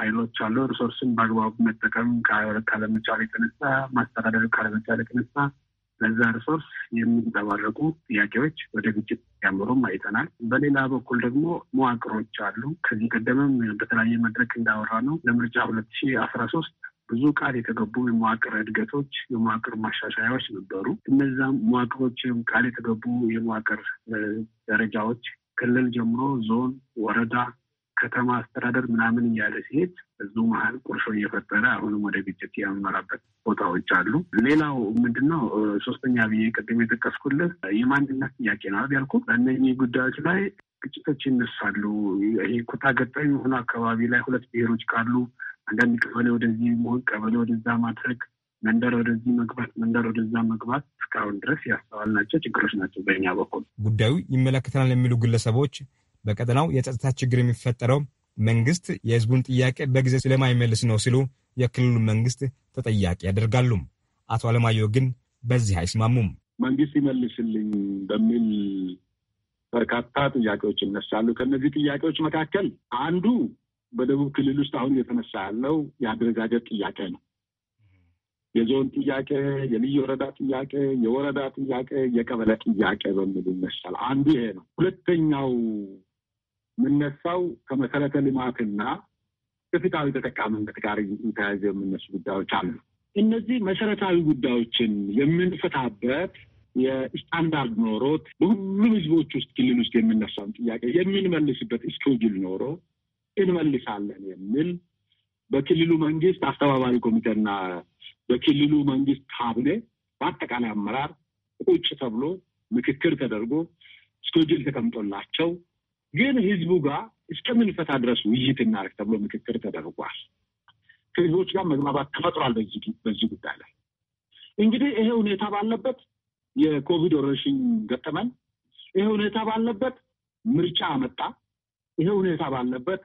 ኃይሎች አሉ። ሪሶርስን በአግባቡ መጠቀም ካለመቻል የተነሳ ማስተዳደር ካለመቻል የተነሳ በዛ ሪሶርስ የሚንጸባረቁ ጥያቄዎች ወደ ግጭት ሲያምሩም አይተናል። በሌላ በኩል ደግሞ መዋቅሮች አሉ። ከዚህ ቀደምም በተለያየ መድረክ እንዳወራ ነው ለምርጫ ሁለት ሺህ አስራ ሶስት ብዙ ቃል የተገቡ የመዋቅር እድገቶች፣ የመዋቅር ማሻሻያዎች ነበሩ። እነዛም መዋቅሮችም ቃል የተገቡ የመዋቅር ደረጃዎች ክልል ጀምሮ ዞን፣ ወረዳ ከተማ አስተዳደር ምናምን እያለ ሲሄድ እዙ መሀል ቁርሾ እየፈጠረ አሁንም ወደ ግጭት ያመራበት ቦታዎች አሉ። ሌላው ምንድነው ሶስተኛ ብዬ ቅድም የጠቀስኩልህ የማንነት ጥያቄ ነው ያልኩ። በእነኚህ ጉዳዮች ላይ ግጭቶች ይነሳሉ። ይሄ ኩታ ገጠም የሆኑ አካባቢ ላይ ሁለት ብሔሮች ካሉ አንዳንድ ቀበሌ ወደዚህ መሆን፣ ቀበሌ ወደዛ ማድረግ፣ መንደር ወደዚህ መግባት፣ መንደር ወደዛ መግባት እስካሁን ድረስ ያስተዋልናቸው ችግሮች ናቸው በእኛ በኩል ጉዳዩ ይመለከተናል የሚሉ ግለሰቦች በቀጠናው የጸጥታ ችግር የሚፈጠረው መንግስት የህዝቡን ጥያቄ በጊዜ ስለማይመልስ ነው ሲሉ የክልሉ መንግስት ተጠያቂ ያደርጋሉ። አቶ አለማየሁ ግን በዚህ አይስማሙም። መንግስት ይመልስልኝ በሚል በርካታ ጥያቄዎች ይነሳሉ። ከእነዚህ ጥያቄዎች መካከል አንዱ በደቡብ ክልል ውስጥ አሁን እየተነሳ ያለው የአደረጃጀት ጥያቄ ነው። የዞን ጥያቄ፣ የልዩ ወረዳ ጥያቄ፣ የወረዳ ጥያቄ፣ የቀበሌ ጥያቄ በሚል ይነሳል። አንዱ ይሄ ነው። ሁለተኛው የምነሳው ከመሰረተ ልማትና ከፍትሃዊ ተጠቃሚነት ጋር ተያይዘ የምነሱ ጉዳዮች አሉ። እነዚህ መሰረታዊ ጉዳዮችን የምንፈታበት የስታንዳርድ ኖሮት በሁሉም ህዝቦች ውስጥ ክልል ውስጥ የምነሳውን ጥያቄ የምንመልስበት እስኬጁል ኖሮ እንመልሳለን የሚል በክልሉ መንግስት አስተባባሪ ኮሚቴና በክልሉ መንግስት ካቢኔ በአጠቃላይ አመራር ቁጭ ተብሎ ምክክር ተደርጎ እስኬጁል ተቀምጦላቸው ግን ህዝቡ ጋር እስከምንፈታ ድረስ ውይይት እናደርግ ተብሎ ምክክር ተደርጓል። ከህዝቦች ጋር መግባባት ተፈጥሯል። በዚህ ጉዳይ ላይ እንግዲህ ይሄ ሁኔታ ባለበት የኮቪድ ወረርሽኝ ገጠመን። ይሄ ሁኔታ ባለበት ምርጫ መጣ። ይሄ ሁኔታ ባለበት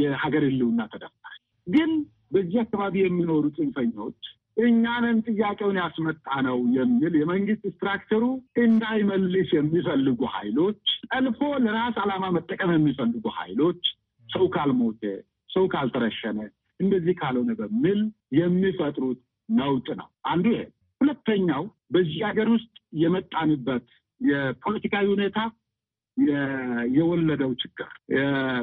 የሀገር ህልውና ተደፈረ። ግን በዚህ አካባቢ የሚኖሩ ጽንፈኞች እኛንን ጥያቄውን ያስመጣ ነው የሚል የመንግስት ስትራክቸሩ እንዳይመልስ የሚፈልጉ ኃይሎች ጠልፎ ለራስ ዓላማ መጠቀም የሚፈልጉ ኃይሎች ሰው ካልሞተ፣ ሰው ካልተረሸነ፣ እንደዚህ ካልሆነ በሚል የሚፈጥሩት ነውጥ ነው። አንዱ ይሄ። ሁለተኛው በዚህ ሀገር ውስጥ የመጣንበት የፖለቲካዊ ሁኔታ የወለደው ችግር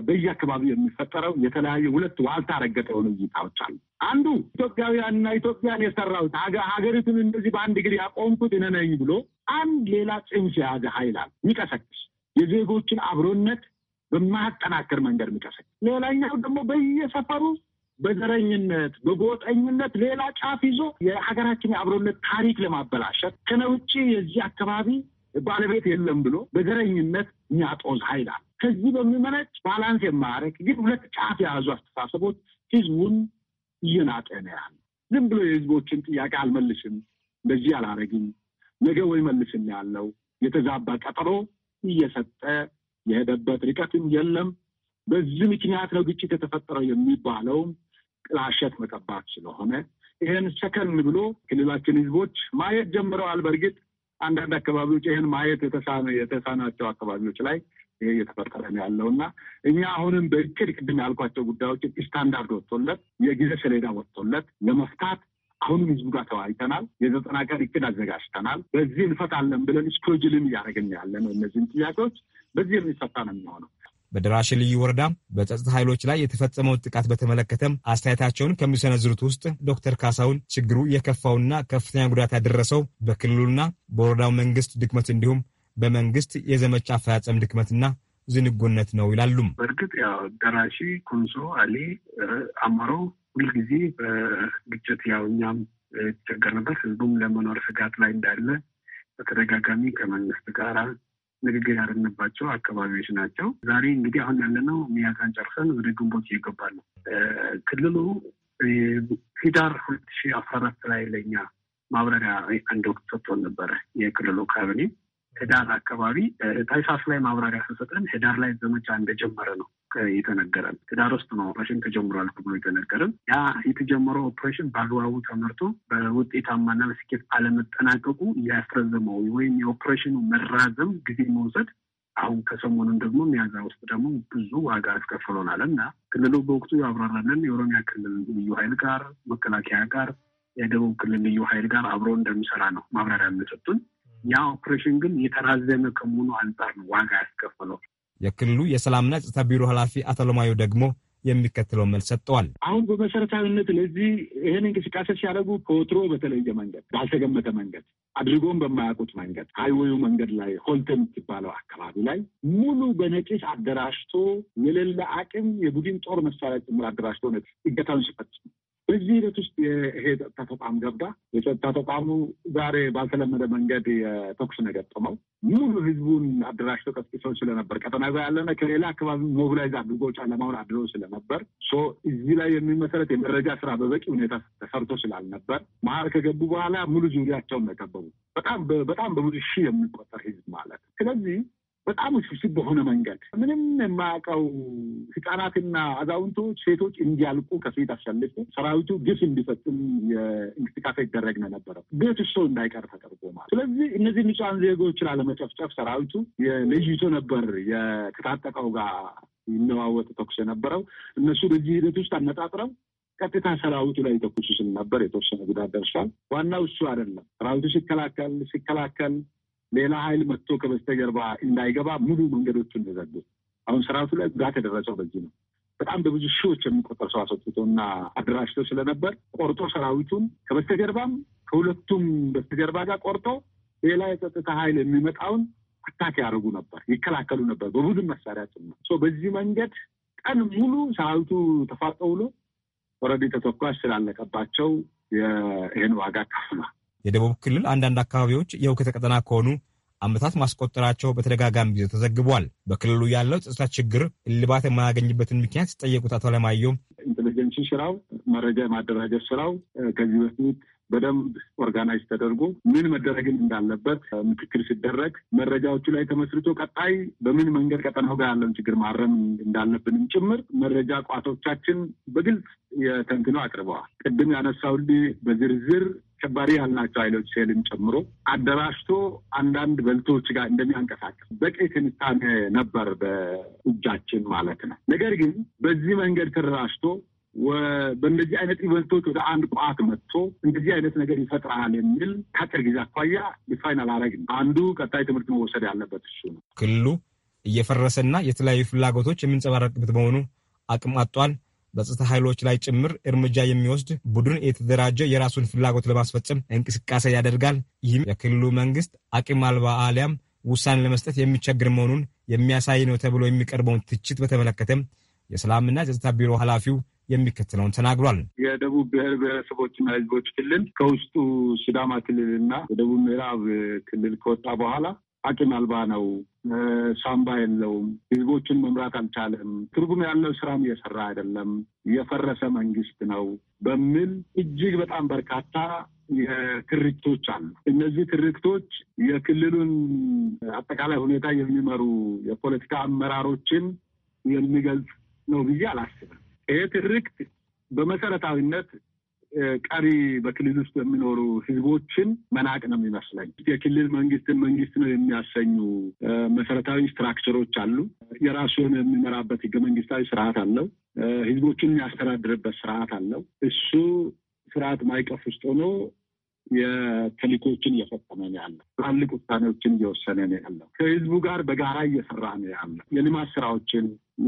በየአካባቢው የሚፈጠረው የተለያዩ ሁለት ዋልታ ረገጥ የሆኑ እይታዎች አሉ። አንዱ ኢትዮጵያውያንና ኢትዮጵያን የሰራሁት ሀገሪቱን እንደዚህ በአንድ እግር ያቆምኩት እኔ ብሎ አንድ ሌላ ጽንፍ የያዘ ኃይል አለ የሚቀሰቅስ የዜጎችን አብሮነት በማያጠናክር መንገድ የሚቀሰቅስ። ሌላኛው ደግሞ በየሰፈሩ በዘረኝነት በጎጠኝነት ሌላ ጫፍ ይዞ የሀገራችን የአብሮነት ታሪክ ለማበላሸት ከነ ውጭ የዚህ አካባቢ ባለቤት የለም ብሎ በዘረኝነት የሚያጦዝ ኃይል አለ። ከዚህ በሚመነጭ ባላንስ የማያደርግ ግን ሁለት ጫፍ የያዙ አስተሳሰቦች ህዝቡን እየናጠ ነው ያለ። ዝም ብሎ የህዝቦችን ጥያቄ አልመልስም፣ እንደዚህ አላረግም፣ ነገ ወይ መልስም ያለው የተዛባ ቀጠሮ እየሰጠ የሄደበት ርቀትም የለም። በዚህ ምክንያት ነው ግጭት የተፈጠረው የሚባለው ጥላሸት መቀባት ስለሆነ ይህን ሰከን ብሎ ክልላችን ህዝቦች ማየት ጀምረዋል። በእርግጥ አንዳንድ አካባቢዎች ይህን ማየት የተሳናቸው አካባቢዎች ላይ እየተፈጠረ ነው ያለው እና እኛ አሁንም በእቅድ ቅድም ያልኳቸው ጉዳዮችን ስታንዳርድ ወጥቶለት የጊዜ ሰሌዳ ወጥቶለት ለመፍታት አሁንም ህዝቡ ጋር ተወያይተናል። የዘጠና ቀን እቅድ አዘጋጅተናል። በዚህ እንፈታለን ብለን ስኮጅልን እያደረግን ያለ ነው። እነዚህን ጥያቄዎች በዚህ የሚፈታ ነው የሚሆነው። በደራሽ ልዩ ወረዳ በጸጥታ ኃይሎች ላይ የተፈጸመው ጥቃት በተመለከተም አስተያየታቸውን ከሚሰነዝሩት ውስጥ ዶክተር ካሳውን ችግሩ የከፋውና ከፍተኛ ጉዳት ያደረሰው በክልሉና በወረዳው መንግስት ድክመት እንዲሁም በመንግስት የዘመቻ አፈጻጸም ድክመትና ዝንጎነት ነው ይላሉም። በእርግጥ ያው ደራሺ፣ ኮንሶ፣ አሌ፣ አማሮ ሁልጊዜ በግጭት ያው እኛም ነበር፣ ህዝቡም ለመኖር ስጋት ላይ እንዳለ በተደጋጋሚ ከመንግስት ጋር ንግግር ያደረግንባቸው አካባቢዎች ናቸው። ዛሬ እንግዲህ አሁን ያለነው ሚያዝያን ጨርሰን ወደ ግንቦት እየገባ ነው። ክልሉ ህዳር ሁለት ሺህ አስራ አራት ላይ ለእኛ ማብራሪያ አንድ ወቅት ሰጥቶን ነበረ የክልሉ ካቢኔ ህዳር አካባቢ ታይሳስ ላይ ማብራሪያ ስሰጠን ህዳር ላይ ዘመቻ እንደጀመረ ነው የተነገረን። ህዳር ውስጥ ነው ኦፕሬሽን ተጀምሯል ተብሎ የተነገረን። ያ የተጀመረው ኦፕሬሽን በአግባቡ ተመርቶ በውጤታማና በስኬት አለመጠናቀቁ ያስረዘመው ወይም የኦፕሬሽኑ መራዘም ጊዜ መውሰድ አሁን ከሰሞኑን ደግሞ ሚያዝያ ውስጥ ደግሞ ብዙ ዋጋ አስከፍሎናል እና ክልሉ በወቅቱ ያብራራልን የኦሮሚያ ክልል ልዩ ኃይል ጋር መከላከያ ጋር የደቡብ ክልል ልዩ ኃይል ጋር አብሮ እንደሚሰራ ነው ማብራሪያ የምንሰጡን። ያ ኦፕሬሽን ግን የተራዘመ ከመሆኑ አንጻር ነው ዋጋ ያስከፈለው። የክልሉ የሰላምና ጸጥታ ቢሮ ኃላፊ አቶ ለማዮ ደግሞ የሚከተለው መልስ ሰጥተዋል። አሁን በመሰረታዊነት ለዚህ ይህን እንቅስቃሴ ሲያደርጉ ከወትሮ በተለየ መንገድ፣ ባልተገመተ መንገድ፣ አድርጎን በማያውቁት መንገድ ሀይወዩ መንገድ ላይ ሆልተ የምትባለው አካባቢ ላይ ሙሉ በነቂስ አደራጅቶ የሌለ አቅም የቡድን ጦር መሳሪያ ጭምር አደራጅቶ እገታውን ሲፈጽሙ በዚህ ሂደት ውስጥ ይሄ የጸጥታ ተቋም ገባ። የጸጥታ ተቋሙ ዛሬ ባልተለመደ መንገድ የተኩስ ነው የገጠመው። ሙሉ ህዝቡን አደራጅቶ ቀስቅሰው ስለነበር ቀጠና ያለነ ከሌላ አካባቢ ሞቢላይዝ አድርጎ ጨለማውን አድረው ስለነበር እዚህ ላይ የሚመሰረት የመረጃ ስራ በበቂ ሁኔታ ተሰርቶ ስላልነበር መሀል ከገቡ በኋላ ሙሉ ዙሪያቸውን ነው የከበቡ። በጣም በጣም በብዙ ሺህ የሚቆጠር ህዝብ ማለት ስለዚህ በጣም ውስብስብ በሆነ መንገድ ምንም የማያውቀው ህጻናትና አዛውንቶች፣ ሴቶች እንዲያልቁ ከፊት አሰልፎ ሰራዊቱ ግፍ እንዲፈጽም የእንቅስቃሴ ይደረግ ነው ነበረው። ቤት ሰው እንዳይቀር ተደርጎ ማለት። ስለዚህ እነዚህ ንጹሐን ዜጎች ላለመጨፍጨፍ ሰራዊቱ ለይቶ ነበር የከታጠቀው ጋር ይነዋወጥ ተኩስ የነበረው። እነሱ በዚህ ሂደት ውስጥ አነጣጥረው ቀጥታ ሰራዊቱ ላይ ተኩሱ ስል ነበር። የተወሰነ ጉዳት ደርሷል። ዋናው እሱ አይደለም። ሰራዊቱ ሲከላከል ሲከላከል ሌላ ኃይል መጥቶ ከበስተጀርባ እንዳይገባ ሙሉ መንገዶቹን ተዘጉ። አሁን ሰራዊቱ ላይ ጉዳት የደረሰው በዚህ ነው። በጣም በብዙ ሺዎች የሚቆጠር ሰው እና አደራጅቶ ስለነበር ቆርጦ ሰራዊቱን ከበስተጀርባም ከሁለቱም በስተጀርባ ጋር ቆርጦ ሌላ የጸጥታ ኃይል የሚመጣውን አታክ ያደርጉ ነበር፣ ይከላከሉ ነበር በቡድን መሳሪያ ጭምር። በዚህ መንገድ ቀን ሙሉ ሰራዊቱ ተፋጠው ውሎ ወረዲ ተተኳሽ ስላለቀባቸው ይህን ዋጋ ከፍሏል። የደቡብ ክልል አንዳንድ አካባቢዎች የውከት ቀጠና ከሆኑ ዓመታት ማስቆጠራቸው በተደጋጋሚ ጊዜ ተዘግቧል። በክልሉ ያለው ጸጥታ ችግር እልባት የማያገኝበትን ምክንያት ሲጠየቁት አቶ አለማየሁ ኢንቴሊጀንስ ስራው፣ መረጃ የማደራጀት ስራው ከዚህ በፊት በደንብ ኦርጋናይዝ ተደርጎ ምን መደረግን እንዳለበት ምክክር ሲደረግ መረጃዎቹ ላይ ተመስርቶ ቀጣይ በምን መንገድ ቀጠናው ጋር ያለውን ችግር ማረም እንዳለብንም ጭምር መረጃ ቋቶቻችን በግልጽ የተንትኖ አቅርበዋል። ቅድም ያነሳውልህ በዝርዝር አስከባሪ ያልናቸው ኃይሎች ሴልን ጨምሮ አደራጅቶ አንዳንድ በልቶች ጋር እንደሚያንቀሳቅስ በቂ ትንታኔ ነበር በእጃችን ማለት ነው። ነገር ግን በዚህ መንገድ ተደራጅቶ በእንደዚህ አይነት ኢቨንቶች ወደ አንድ ቋት መጥቶ እንደዚህ አይነት ነገር ይፈጥራል የሚል ከአጭር ጊዜ አኳያ ዲፋይን አላረግም። አንዱ ቀጣይ ትምህርት መወሰድ ያለበት እሱ ነው። ክልሉ እየፈረሰና የተለያዩ ፍላጎቶች የሚንጸባረቅበት በመሆኑ አቅም አጧል። በጸጥታ ኃይሎች ላይ ጭምር እርምጃ የሚወስድ ቡድን የተደራጀ የራሱን ፍላጎት ለማስፈጸም እንቅስቃሴ ያደርጋል። ይህም የክልሉ መንግስት አቅም አልባ አሊያም ውሳኔ ለመስጠት የሚቸግር መሆኑን የሚያሳይ ነው ተብሎ የሚቀርበውን ትችት በተመለከተም የሰላምና የጸጥታ ቢሮ ኃላፊው የሚከተለውን ተናግሯል። የደቡብ ብሔር ብሔረሰቦችና ህዝቦች ክልል ከውስጡ ሲዳማ ክልልና የደቡብ ምዕራብ ክልል ከወጣ በኋላ አቅም አልባ ነው ሳምባ የለውም። ህዝቦችን መምራት አልቻለም። ትርጉም ያለው ስራም እየሰራ አይደለም። የፈረሰ መንግስት ነው በሚል እጅግ በጣም በርካታ ትርክቶች አሉ። እነዚህ ትርክቶች የክልሉን አጠቃላይ ሁኔታ የሚመሩ የፖለቲካ አመራሮችን የሚገልጽ ነው ብዬ አላስብም። ይሄ ትርክት በመሰረታዊነት ቀሪ በክልል ውስጥ የሚኖሩ ህዝቦችን መናቅ ነው የሚመስለኝ። የክልል መንግስትን መንግስት ነው የሚያሰኙ መሰረታዊ ስትራክቸሮች አሉ። የራሱን የሚመራበት ህገ መንግስታዊ ስርዓት አለው። ህዝቦችን የሚያስተዳድርበት ስርዓት አለው። እሱ ስርዓት ማይቀፍ ውስጥ ሆኖ የተልእኮችን እየፈጸመ ነው ያለው። ትላልቅ ውሳኔዎችን እየወሰነ ነው ያለው። ከህዝቡ ጋር በጋራ እየሰራ ነው ያለው። የልማት ስራዎችን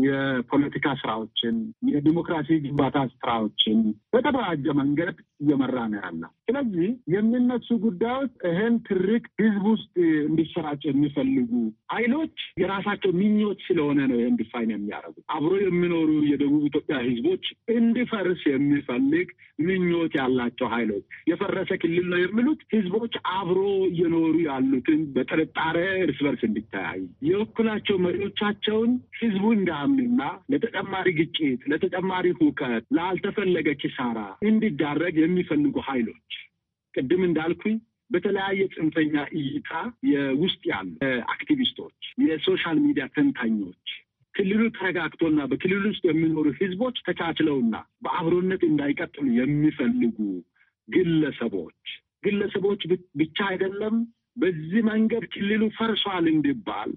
የፖለቲካ ስራዎችን፣ የዲሞክራሲ ግንባታ ስራዎችን በተደራጀ መንገድ እየመራ ነው ያለው። ስለዚህ የሚነሱ ጉዳዮች ይህን ትርክ ህዝብ ውስጥ እንዲሰራጭ የሚፈልጉ ኃይሎች የራሳቸው ምኞት ስለሆነ ነው ይህን ዲፋይን የሚያደርጉት። አብሮ የሚኖሩ የደቡብ ኢትዮጵያ ህዝቦች እንዲፈርስ የሚፈልግ ምኞት ያላቸው ኃይሎች የፈረሰ ክልል ነው የሚሉት ህዝቦች አብሮ እየኖሩ ያሉትን በጥርጣሬ እርስ በርስ እንዲተያዩ የበኩላቸው መሪዎቻቸውን ህዝቡ እንዳ ተቃውሞና ለተጨማሪ ግጭት፣ ለተጨማሪ ሁከት፣ ላልተፈለገ ኪሳራ እንዲዳረግ የሚፈልጉ ኃይሎች ቅድም እንዳልኩኝ በተለያየ ጽንፈኛ እይታ የውስጥ ያሉ አክቲቪስቶች፣ የሶሻል ሚዲያ ተንታኞች ክልሉ ተረጋግቶና በክልሉ ውስጥ የሚኖሩ ህዝቦች ተቻችለውና በአብሮነት እንዳይቀጥሉ የሚፈልጉ ግለሰቦች ግለሰቦች ብቻ አይደለም። በዚህ መንገድ ክልሉ ፈርሷል እንዲባል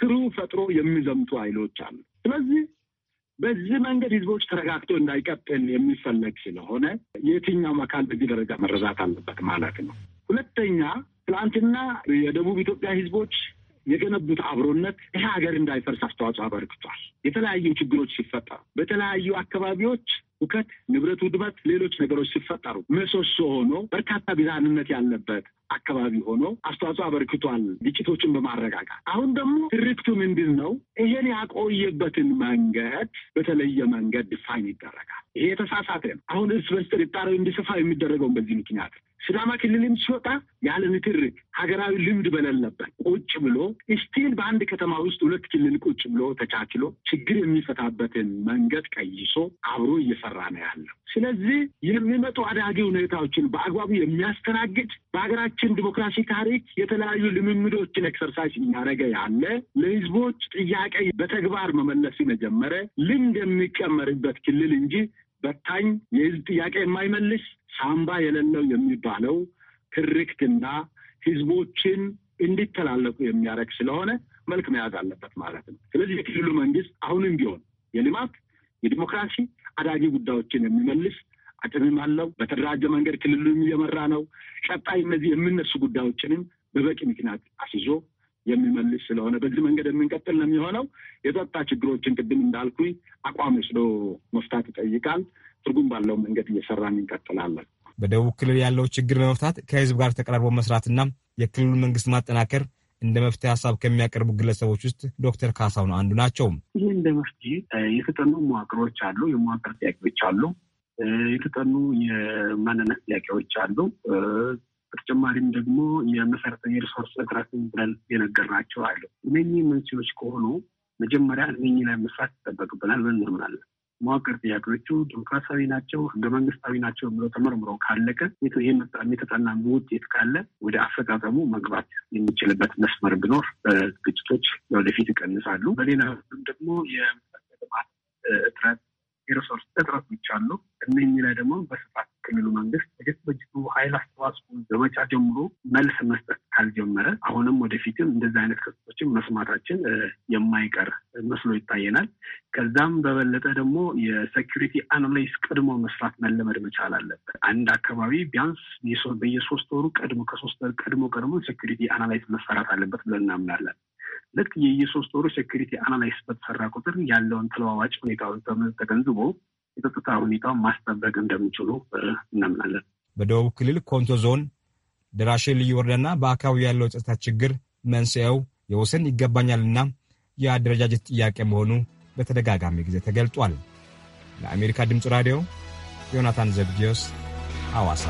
ክሩ ፈጥሮ የሚዘምቱ ኃይሎች አሉ። ስለዚህ በዚህ መንገድ ህዝቦች ተረጋግቶ እንዳይቀጥል የሚፈለግ ስለሆነ የትኛውም አካል በዚህ ደረጃ መረዛት አለበት ማለት ነው። ሁለተኛ ትላንትና የደቡብ ኢትዮጵያ ህዝቦች የገነቡት አብሮነት ይሄ ሀገር እንዳይፈርስ አስተዋጽኦ አበርክቷል። የተለያዩ ችግሮች ሲፈጠሩ በተለያዩ አካባቢዎች ሁከት፣ ንብረት ውድመት፣ ሌሎች ነገሮች ሲፈጠሩ ምሰሶ ሆኖ በርካታ ብዝሃነት ያለበት አካባቢ ሆኖ አስተዋጽኦ አበርክቷል ግጭቶችን በማረጋጋት። አሁን ደግሞ ትርክቱ ምንድን ነው? ይሄን ያቆየበትን መንገድ በተለየ መንገድ ድፋኝ ይደረጋል። ይሄ የተሳሳተ ነው። አሁን እርስ በርስ ጥርጣሬው እንዲሰፋ የሚደረገውን በዚህ ምክንያት ሲዳማ ክልልም ሲወጣ ያለ ንትርክ ሀገራዊ ልምድ ነበር። ቁጭ ብሎ ስቲል በአንድ ከተማ ውስጥ ሁለት ክልል ቁጭ ብሎ ተቻችሎ ችግር የሚፈታበትን መንገድ ቀይሶ አብሮ እየሰራ ነው ያለው። ስለዚህ የሚመጡ አዳጊ ሁኔታዎችን በአግባቡ የሚያስተናግድ በሀገራችን ዲሞክራሲ ታሪክ የተለያዩ ልምምዶችን ኤክሰርሳይዝ እያደረገ ያለ ለህዝቦች ጥያቄ በተግባር መመለስ የጀመረ ልምድ የሚቀመርበት ክልል እንጂ በታኝ የህዝብ ጥያቄ የማይመልስ ሳምባ የሌለው የሚባለው ትርክትና ህዝቦችን እንዲተላለፉ የሚያደርግ ስለሆነ መልክ መያዝ አለበት ማለት ነው። ስለዚህ የክልሉ መንግስት አሁንም ቢሆን የልማት የዲሞክራሲ አዳጊ ጉዳዮችን የሚመልስ አቅምም አለው። በተደራጀ መንገድ ክልሉ እየመራ ነው። ቀጣይ እነዚህ የሚነሱ ጉዳዮችንም በበቂ ምክንያት አስይዞ የሚመልስ ስለሆነ በዚህ መንገድ የምንቀጥል ነው የሚሆነው። የጸጥታ ችግሮችን ቅድም እንዳልኩኝ አቋም ወስዶ መፍታት ይጠይቃል። ትርጉም ባለው መንገድ እየሰራን እንቀጥላለን። በደቡብ ክልል ያለው ችግር ለመፍታት ከህዝብ ጋር ተቀራርቦ መስራትና የክልሉን መንግስት ማጠናከር እንደ መፍትሄ ሀሳብ ከሚያቀርቡ ግለሰቦች ውስጥ ዶክተር ነው አንዱ ናቸው። ይህ እንደ መፍትሄ የተጠኑ መዋቅሮች አሉ፣ የመዋቅር ጥያቄዎች አሉ፣ የተጠኑ የማንነት ጥያቄዎች አሉ። በተጨማሪም ደግሞ የመሰረታዊ የሪሶርስ እጥረትን ብለን የነገርናቸው አሉ። እነኚህ መንስኤዎች ከሆኑ መጀመሪያ እነኚህ ላይ መስራት ይጠበቅብናል ብለን እናምናለን። መዋቅር ጥያቄዎቹ ዲሞክራሲያዊ ናቸው፣ ህገ መንግስታዊ ናቸው ብሎ ተመርምሮ ካለቀ ይህ የተጠና ውጤት ካለ ወደ አፈጻጸሙ መግባት የሚችልበት መስመር ቢኖር ግጭቶች ወደፊት ይቀንሳሉ። በሌላ ደግሞ የልማት እጥረት የሪሶርስ እጥረቶች አሉ። እነኚህ ላይ ደግሞ በስፋት የክልሉ መንግስት በጅቱ ሀይል አስተዋጽኦ ዘመቻ ጀምሮ መልስ መስጠት ካልጀመረ አሁንም ወደፊትም እንደዚህ አይነት ክሶችን መስማታችን የማይቀር መስሎ ይታየናል። ከዛም በበለጠ ደግሞ የሴኪሪቲ አናላይስ ቀድሞ መስራት መለመድ መቻል አለበት። አንድ አካባቢ ቢያንስ በየሶስት ወሩ ቀድሞ ከሶስት ወር ቀድሞ ቀድሞ ሴኪሪቲ አናላይስ መሰራት አለበት ብለን እናምናለን። ልክ የየሶስት ወሩ ሴኪሪቲ አናላይስ በተሰራ ቁጥር ያለውን ተለዋዋጭ ሁኔታውን ተገንዝቦ የጸጥታ ሁኔታውን ማስጠበቅ እንደሚችሉ እናምናለን። በደቡብ ክልል ኮንቶ ዞን ደራሼ ልዩ ወረዳና በአካባቢ ያለው የጸጥታ ችግር መንስኤው የወሰን ይገባኛልና የአደረጃጀት ጥያቄ መሆኑ በተደጋጋሚ ጊዜ ተገልጧል። ለአሜሪካ ድምፅ ራዲዮ ዮናታን ዘብዲዮስ ሐዋሳ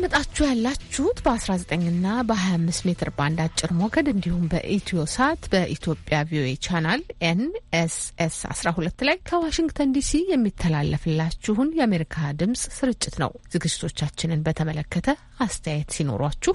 እያዳመጣችሁ ያላችሁት በ19ና በ25 ሜትር ባንድ አጭር ሞገድ እንዲሁም በኢትዮ ሳት በኢትዮጵያ ቪኦኤ ቻናል ኤንኤስኤስ 12 ላይ ከዋሽንግተን ዲሲ የሚተላለፍላችሁን የአሜሪካ ድምፅ ስርጭት ነው። ዝግጅቶቻችንን በተመለከተ አስተያየት ሲኖሯችሁ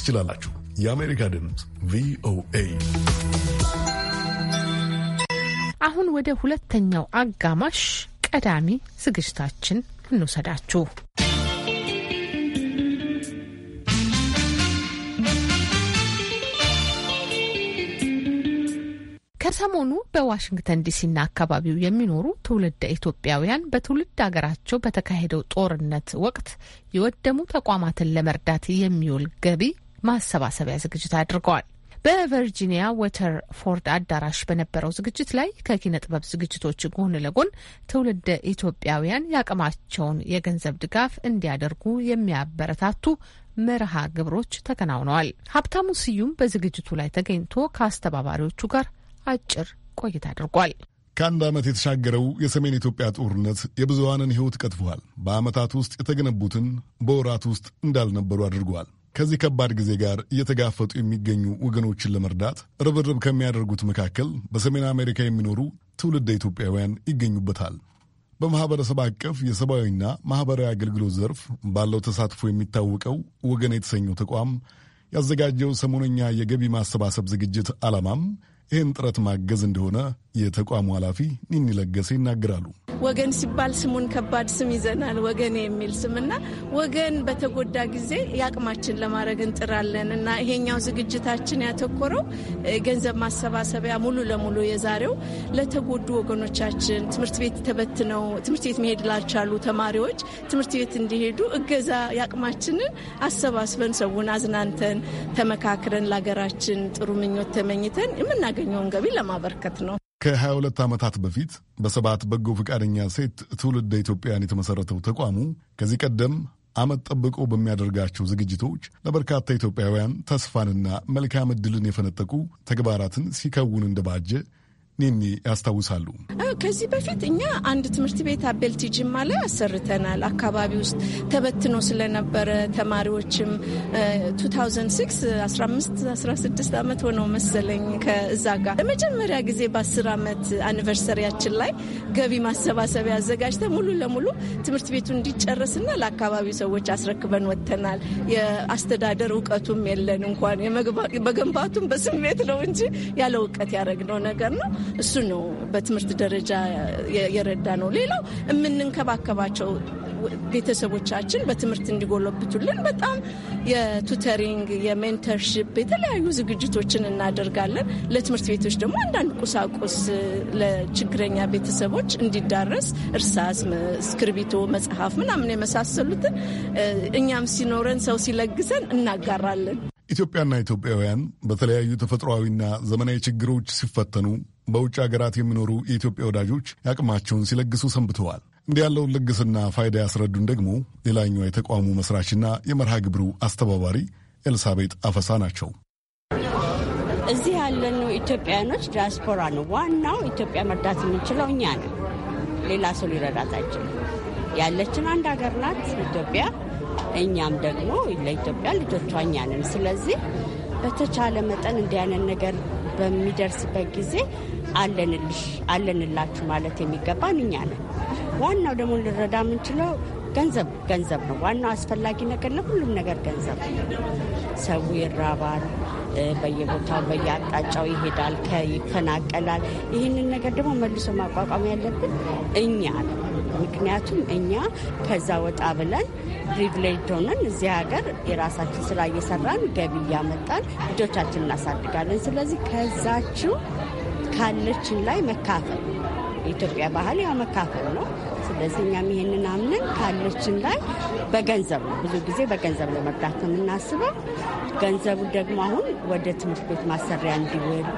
ትችላላችሁ። የአሜሪካ ድምፅ ቪኦኤ። አሁን ወደ ሁለተኛው አጋማሽ ቀዳሚ ዝግጅታችን እንውሰዳችሁ። ከሰሞኑ በዋሽንግተን ዲሲና አካባቢው የሚኖሩ ትውልደ ኢትዮጵያውያን በትውልድ ሀገራቸው በተካሄደው ጦርነት ወቅት የወደሙ ተቋማትን ለመርዳት የሚውል ገቢ ማሰባሰቢያ ዝግጅት አድርገዋል። በቨርጂኒያ ወተርፎርድ አዳራሽ በነበረው ዝግጅት ላይ ከኪነ ጥበብ ዝግጅቶች ጎን ለጎን ትውልደ ኢትዮጵያውያን ያቅማቸውን የገንዘብ ድጋፍ እንዲያደርጉ የሚያበረታቱ መርሃ ግብሮች ተከናውነዋል። ሀብታሙ ስዩም በዝግጅቱ ላይ ተገኝቶ ከአስተባባሪዎቹ ጋር አጭር ቆይታ አድርጓል። ከአንድ ዓመት የተሻገረው የሰሜን ኢትዮጵያ ጦርነት የብዙሃንን ሕይወት ቀጥፏል። በዓመታት ውስጥ የተገነቡትን በወራት ውስጥ እንዳልነበሩ አድርጓል። ከዚህ ከባድ ጊዜ ጋር እየተጋፈጡ የሚገኙ ወገኖችን ለመርዳት ርብርብ ከሚያደርጉት መካከል በሰሜን አሜሪካ የሚኖሩ ትውልደ ኢትዮጵያውያን ይገኙበታል። በማኅበረሰብ አቀፍ የሰብአዊና ማኅበራዊ አገልግሎት ዘርፍ ባለው ተሳትፎ የሚታወቀው ወገን የተሰኘው ተቋም ያዘጋጀው ሰሞነኛ የገቢ ማሰባሰብ ዝግጅት ዓላማም ይህን ጥረት ማገዝ እንደሆነ የተቋሙ ኃላፊ ኒኒ ለገሰ ይናገራሉ። ወገን ሲባል ስሙን ከባድ ስም ይዘናል። ወገን የሚል ስም ስምና ወገን በተጎዳ ጊዜ የአቅማችን ለማድረግ እንጥራለን እና ይሄኛው ዝግጅታችን ያተኮረው ገንዘብ ማሰባሰቢያ ሙሉ ለሙሉ የዛሬው ለተጎዱ ወገኖቻችን ትምህርት ቤት ተበትነው ትምህርት ቤት መሄድ ላልቻሉ ተማሪዎች ትምህርት ቤት እንዲሄዱ እገዛ የአቅማችንን አሰባስበን ሰውን አዝናንተን ተመካክረን ለሀገራችን ጥሩ ምኞት ተመኝተን የምናገ የማገኘውን ገቢ ለማበርከት ነው። ከ22 ዓመታት በፊት በሰባት በጎ ፈቃደኛ ሴት ትውልደ ኢትዮጵያን የተመሠረተው ተቋሙ ከዚህ ቀደም ዓመት ጠብቆ በሚያደርጋቸው ዝግጅቶች ለበርካታ ኢትዮጵያውያን ተስፋንና መልካም ዕድልን የፈነጠቁ ተግባራትን ሲከውን እንደባጀ ኒኒ ያስታውሳሉ። ከዚህ በፊት እኛ አንድ ትምህርት ቤት አቤልቲ ጅማ ላይ አሰርተናል። አካባቢ ውስጥ ተበትኖ ስለነበረ ተማሪዎችም 2006 1516 16 ዓመት ሆነው መሰለኝ ከእዛ ጋር ለመጀመሪያ ጊዜ በ10 ዓመት አኒቨርሰሪያችን ላይ ገቢ ማሰባሰቢያ አዘጋጅተን ሙሉ ለሙሉ ትምህርት ቤቱ እንዲጨረስና ለአካባቢው ሰዎች አስረክበን ወጥተናል። የአስተዳደር እውቀቱም የለን እንኳን በግንባቱም በስሜት ነው እንጂ ያለ እውቀት ያደረግነው ነገር ነው። እሱ ነው በትምህርት ደረጃ የረዳ ነው። ሌላው የምንንከባከባቸው ቤተሰቦቻችን በትምህርት እንዲጎለብቱልን በጣም የቱተሪንግ የሜንተርሽፕ የተለያዩ ዝግጅቶችን እናደርጋለን። ለትምህርት ቤቶች ደግሞ አንዳንድ ቁሳቁስ ለችግረኛ ቤተሰቦች እንዲዳረስ እርሳስ፣ እስክርቢቶ፣ መጽሐፍ ምናምን የመሳሰሉትን እኛም ሲኖረን ሰው ሲለግሰን እናጋራለን። ኢትዮጵያና ኢትዮጵያውያን በተለያዩ ተፈጥሯዊና ዘመናዊ ችግሮች ሲፈተኑ በውጭ ሀገራት የሚኖሩ የኢትዮጵያ ወዳጆች አቅማቸውን ሲለግሱ ሰንብተዋል። እንዲህ ያለውን ልግስና ፋይዳ ያስረዱን ደግሞ ሌላኛው የተቋሙ መስራችና የመርሃ ግብሩ አስተባባሪ ኤልሳቤጥ አፈሳ ናቸው። እዚህ ያለነው ኢትዮጵያኖች ዲያስፖራ ነው። ዋናው ኢትዮጵያ መርዳት የምንችለው እኛ ነው። ሌላ ሰው ሊረዳት አይችልም። ያለችን አንድ ሀገር ናት ኢትዮጵያ። እኛም ደግሞ ለኢትዮጵያ ልጆቿ እኛ ነን። ስለዚህ በተቻለ መጠን እንዲያነን ነገር በሚደርስበት ጊዜ አለንልሽ አለንላችሁ ማለት የሚገባን እኛ ነን። ዋናው ደግሞ ልረዳ የምንችለው ገንዘብ ገንዘብ ነው። ዋናው አስፈላጊ ነገር ለሁሉም ነገር ገንዘብ ነው። ሰው ይራባል፣ በየቦታው በየአቅጣጫው ይሄዳል፣ ይፈናቀላል። ይህንን ነገር ደግሞ መልሶ ማቋቋም ያለብን እኛ ነው። ምክንያቱም እኛ ከዛ ወጣ ብለን ፕሪቪሌጅ ሆነን እዚህ ሀገር የራሳችን ስራ እየሰራን ገቢ እያመጣን ልጆቻችን እናሳድጋለን። ስለዚህ ከዛችው ካለችን ላይ መካፈል የኢትዮጵያ ባህል ያው መካፈል ነው። አለስ። እኛም ይሄንን አምነን ካለችን ላይ በገንዘብ ነው ብዙ ጊዜ በገንዘብ ለመርዳት ነው የምናስበው። ገንዘቡ ደግሞ አሁን ወደ ትምህርት ቤት ማሰሪያ እንዲውል፣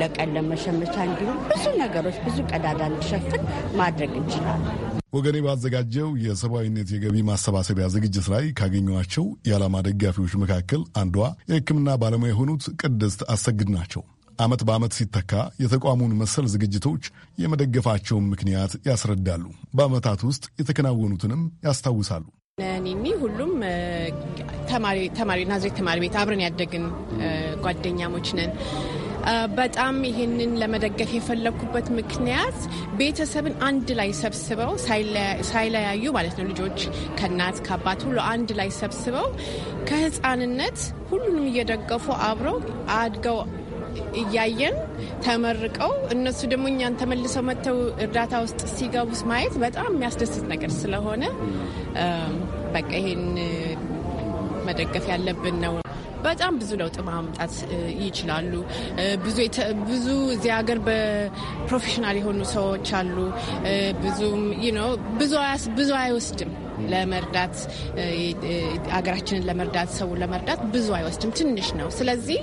ለቀን ለመሸመቻ እንዲውል ብዙ ነገሮች ብዙ ቀዳዳ እንዲሸፍን ማድረግ እንችላለን። ወገኔ ባዘጋጀው የሰብአዊነት የገቢ ማሰባሰቢያ ዝግጅት ላይ ካገኟቸው የዓላማ ደጋፊዎች መካከል አንዷ የሕክምና ባለሙያ የሆኑት ቅድስት አሰግድ ናቸው። ዓመት በዓመት ሲተካ የተቋሙን መሰል ዝግጅቶች የመደገፋቸውን ምክንያት ያስረዳሉ። በዓመታት ውስጥ የተከናወኑትንም ያስታውሳሉ። ኒኒ ሁሉም ተማሪ ናዝሬት ተማሪ ቤት አብረን ያደግን ጓደኛሞች ነን። በጣም ይህንን ለመደገፍ የፈለኩበት ምክንያት ቤተሰብን አንድ ላይ ሰብስበው ሳይለያዩ ማለት ነው። ልጆች ከእናት ከአባት ሁሉ አንድ ላይ ሰብስበው ከህፃንነት ሁሉንም እየደገፉ አብረው አድገው እያየን ተመርቀው እነሱ ደግሞ እኛን ተመልሰው መጥተው እርዳታ ውስጥ ሲገቡስ ማየት በጣም የሚያስደስት ነገር ስለሆነ በቃ ይሄን መደገፍ ያለብን ነው። በጣም ብዙ ለውጥ ማምጣት ይችላሉ። ብዙ እዚህ ሀገር በፕሮፌሽናል የሆኑ ሰዎች አሉ። ብዙም ብዙ አይወስድም ለመርዳት አገራችንን ለመርዳት ሰውን ለመርዳት ብዙ አይወስድም፣ ትንሽ ነው። ስለዚህ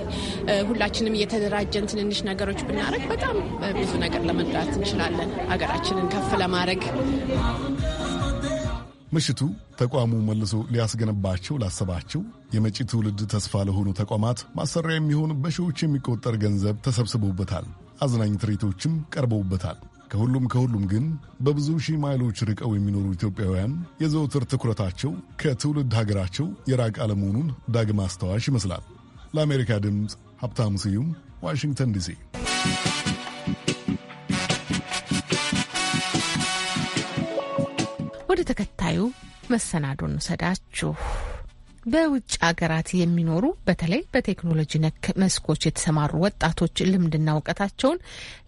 ሁላችንም እየተደራጀን ትንንሽ ነገሮች ብናደርግ በጣም ብዙ ነገር ለመርዳት እንችላለን፣ አገራችንን ከፍ ለማድረግ። ምሽቱ ተቋሙ መልሶ ሊያስገነባቸው ላሰባቸው የመጪ ትውልድ ተስፋ ለሆኑ ተቋማት ማሰሪያ የሚሆን በሺዎች የሚቆጠር ገንዘብ ተሰብስቦበታል። አዝናኝ ትርኢቶችም ቀርበውበታል። ከሁሉም ከሁሉም ግን በብዙ ሺህ ማይሎች ርቀው የሚኖሩ ኢትዮጵያውያን የዘውትር ትኩረታቸው ከትውልድ ሀገራቸው የራቅ አለመሆኑን ዳግም አስታዋሽ ይመስላል። ለአሜሪካ ድምፅ ሀብታሙ ስዩም ዋሽንግተን ዲሲ። ወደ ተከታዩ መሰናዶ እንውሰዳችሁ። በውጭ ሀገራት የሚኖሩ በተለይ በቴክኖሎጂ ነክ መስኮች የተሰማሩ ወጣቶች ልምድና እውቀታቸውን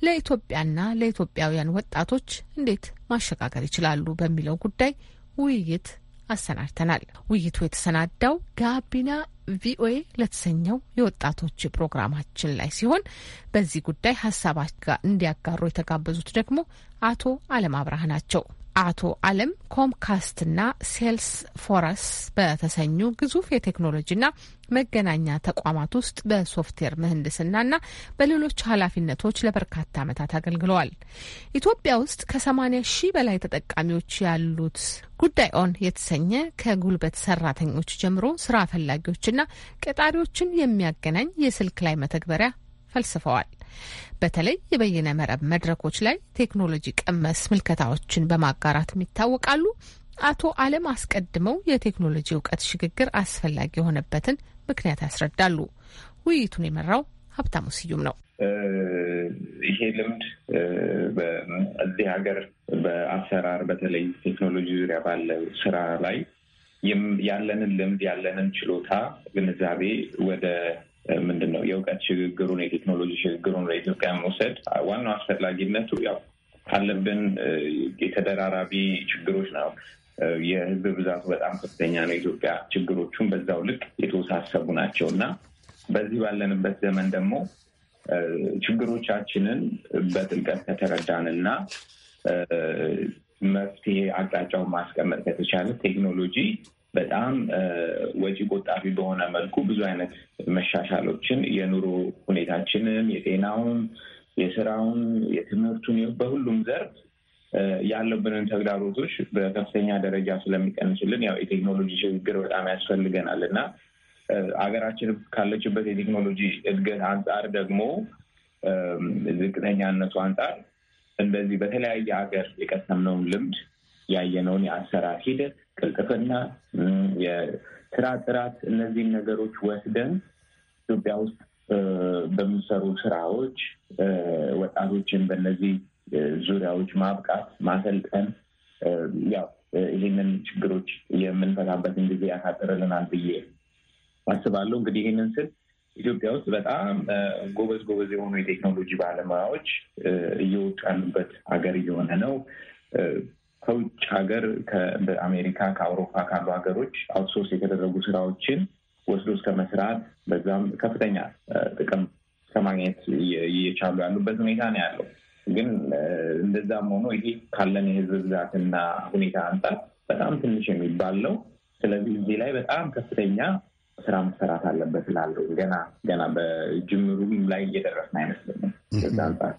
ለኢትዮጵያና ለኢትዮጵያውያን ወጣቶች እንዴት ማሸጋገር ይችላሉ በሚለው ጉዳይ ውይይት አሰናድተናል። ውይይቱ የተሰናዳው ጋቢና ቪኦኤ ለተሰኘው የወጣቶች ፕሮግራማችን ላይ ሲሆን በዚህ ጉዳይ ጋር እንዲያጋሩ የተጋበዙት ደግሞ አቶ አለም አብርሃ ናቸው። አቶ አለም ኮምካስትና ሴልስ ፎረስ በተሰኙ ግዙፍ የቴክኖሎጂና መገናኛ ተቋማት ውስጥ በሶፍትዌር ምህንድስናና በሌሎች ኃላፊነቶች ለበርካታ ዓመታት አገልግለዋል። ኢትዮጵያ ውስጥ ከ80 ሺህ በላይ ተጠቃሚዎች ያሉት ጉዳይ ኦን የተሰኘ ከጉልበት ሰራተኞች ጀምሮ ስራ ፈላጊዎችና ቀጣሪዎችን የሚያገናኝ የስልክ ላይ መተግበሪያ ፈልስፈዋል። በተለይ የበይነ መረብ መድረኮች ላይ ቴክኖሎጂ ቀመስ ምልከታዎችን በማጋራት ይታወቃሉ። አቶ አለም አስቀድመው የቴክኖሎጂ እውቀት ሽግግር አስፈላጊ የሆነበትን ምክንያት ያስረዳሉ። ውይይቱን የመራው ሀብታሙ ስዩም ነው። ይሄ ልምድ እዚህ ሀገር በአሰራር በተለይ ቴክኖሎጂ ዙሪያ ባለ ስራ ላይ ያለንን ልምድ ያለንን ችሎታ ግንዛቤ ወደ ምንድን ነው የእውቀት ሽግግሩን የቴክኖሎጂ ሽግግሩን ለኢትዮጵያ መውሰድ ዋናው አስፈላጊነቱ ያው ካለብን የተደራራቢ ችግሮች ነው። የህዝብ ብዛቱ በጣም ከፍተኛ ነው ኢትዮጵያ። ችግሮቹን በዛው ልክ የተወሳሰቡ ናቸው እና በዚህ ባለንበት ዘመን ደግሞ ችግሮቻችንን በጥልቀት ከተረዳንና መፍትሄ አቅጣጫውን ማስቀመጥ ከተቻለ ቴክኖሎጂ በጣም ወጪ ቆጣቢ በሆነ መልኩ ብዙ አይነት መሻሻሎችን የኑሮ ሁኔታችንን የጤናውን፣ የስራውን፣ የትምህርቱን በሁሉም ዘርፍ ያለብንን ተግዳሮቶች በከፍተኛ ደረጃ ስለሚቀንስልን ያው የቴክኖሎጂ ሽግግር በጣም ያስፈልገናል እና አገራችን ካለችበት የቴክኖሎጂ እድገት አንጻር ደግሞ ዝቅተኛነቱ አንጻር እንደዚህ በተለያየ ሀገር የቀሰምነውን ልምድ ያየነውን የአሰራር ሂደት ቅልጥፍና፣ የስራ ጥራት እነዚህን ነገሮች ወስደን ኢትዮጵያ ውስጥ በሚሰሩ ስራዎች ወጣቶችን በነዚህ ዙሪያዎች ማብቃት፣ ማሰልጠን ያው ይህንን ችግሮች የምንፈታበትን ጊዜ ያሳጥርልናል ብዬ አስባለሁ። እንግዲህ ይህንን ስል ኢትዮጵያ ውስጥ በጣም ጎበዝ ጎበዝ የሆኑ የቴክኖሎጂ ባለሙያዎች እየወጡ ያሉበት ሀገር እየሆነ ነው። ከውጭ ሀገር በአሜሪካ ከአውሮፓ ካሉ ሀገሮች አውትሶርስ የተደረጉ ስራዎችን ወስዶ እስከ መስራት በዛም ከፍተኛ ጥቅም ከማግኘት እየቻሉ ያሉበት ሁኔታ ነው ያለው። ግን እንደዛም ሆኖ ይሄ ካለን የህዝብ ብዛትና ሁኔታ አንጻር በጣም ትንሽ የሚባል ነው። ስለዚህ እዚህ ላይ በጣም ከፍተኛ ስራ መሰራት አለበት እላለሁ። ገና ገና በጅምሩም ላይ እየደረስን አይመስለኝም።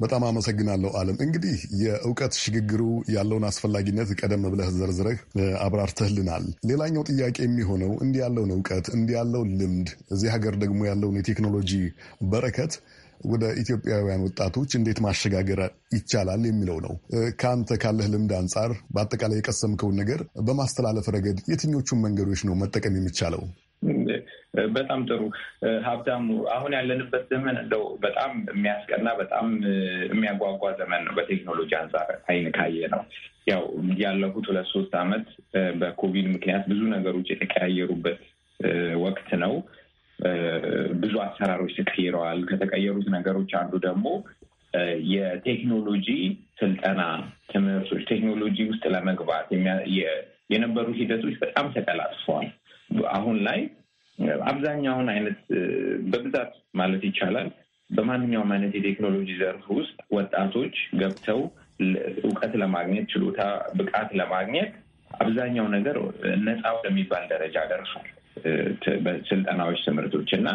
በጣም አመሰግናለሁ አለም። እንግዲህ የእውቀት ሽግግሩ ያለውን አስፈላጊነት ቀደም ብለህ ዘርዝረህ አብራርተህልናል። ሌላኛው ጥያቄ የሚሆነው እንዲህ ያለውን እውቀት እንዲህ ያለውን ልምድ እዚህ ሀገር ደግሞ ያለውን የቴክኖሎጂ በረከት ወደ ኢትዮጵያውያን ወጣቶች እንዴት ማሸጋገር ይቻላል የሚለው ነው። ከአንተ ካለህ ልምድ አንጻር በአጠቃላይ የቀሰምከውን ነገር በማስተላለፍ ረገድ የትኞቹን መንገዶች ነው መጠቀም የሚቻለው? በጣም ጥሩ ሀብታሙ። አሁን ያለንበት ዘመን እንደው በጣም የሚያስቀና በጣም የሚያጓጓ ዘመን ነው። በቴክኖሎጂ አንጻር አይን ካየ ነው ያው ያለፉት ሁለት ሶስት አመት በኮቪድ ምክንያት ብዙ ነገሮች የተቀያየሩበት ወቅት ነው። ብዙ አሰራሮች ተቀይረዋል። ከተቀየሩት ነገሮች አንዱ ደግሞ የቴክኖሎጂ ስልጠና ትምህርቶች፣ ቴክኖሎጂ ውስጥ ለመግባት የነበሩ ሂደቶች በጣም ተቀላጥፈዋል። አሁን ላይ አብዛኛውን አይነት በብዛት ማለት ይቻላል በማንኛውም አይነት የቴክኖሎጂ ዘርፍ ውስጥ ወጣቶች ገብተው እውቀት ለማግኘት ችሎታ፣ ብቃት ለማግኘት አብዛኛው ነገር ነፃ ወደሚባል ደረጃ ደርሷል። በስልጠናዎች፣ ትምህርቶች እና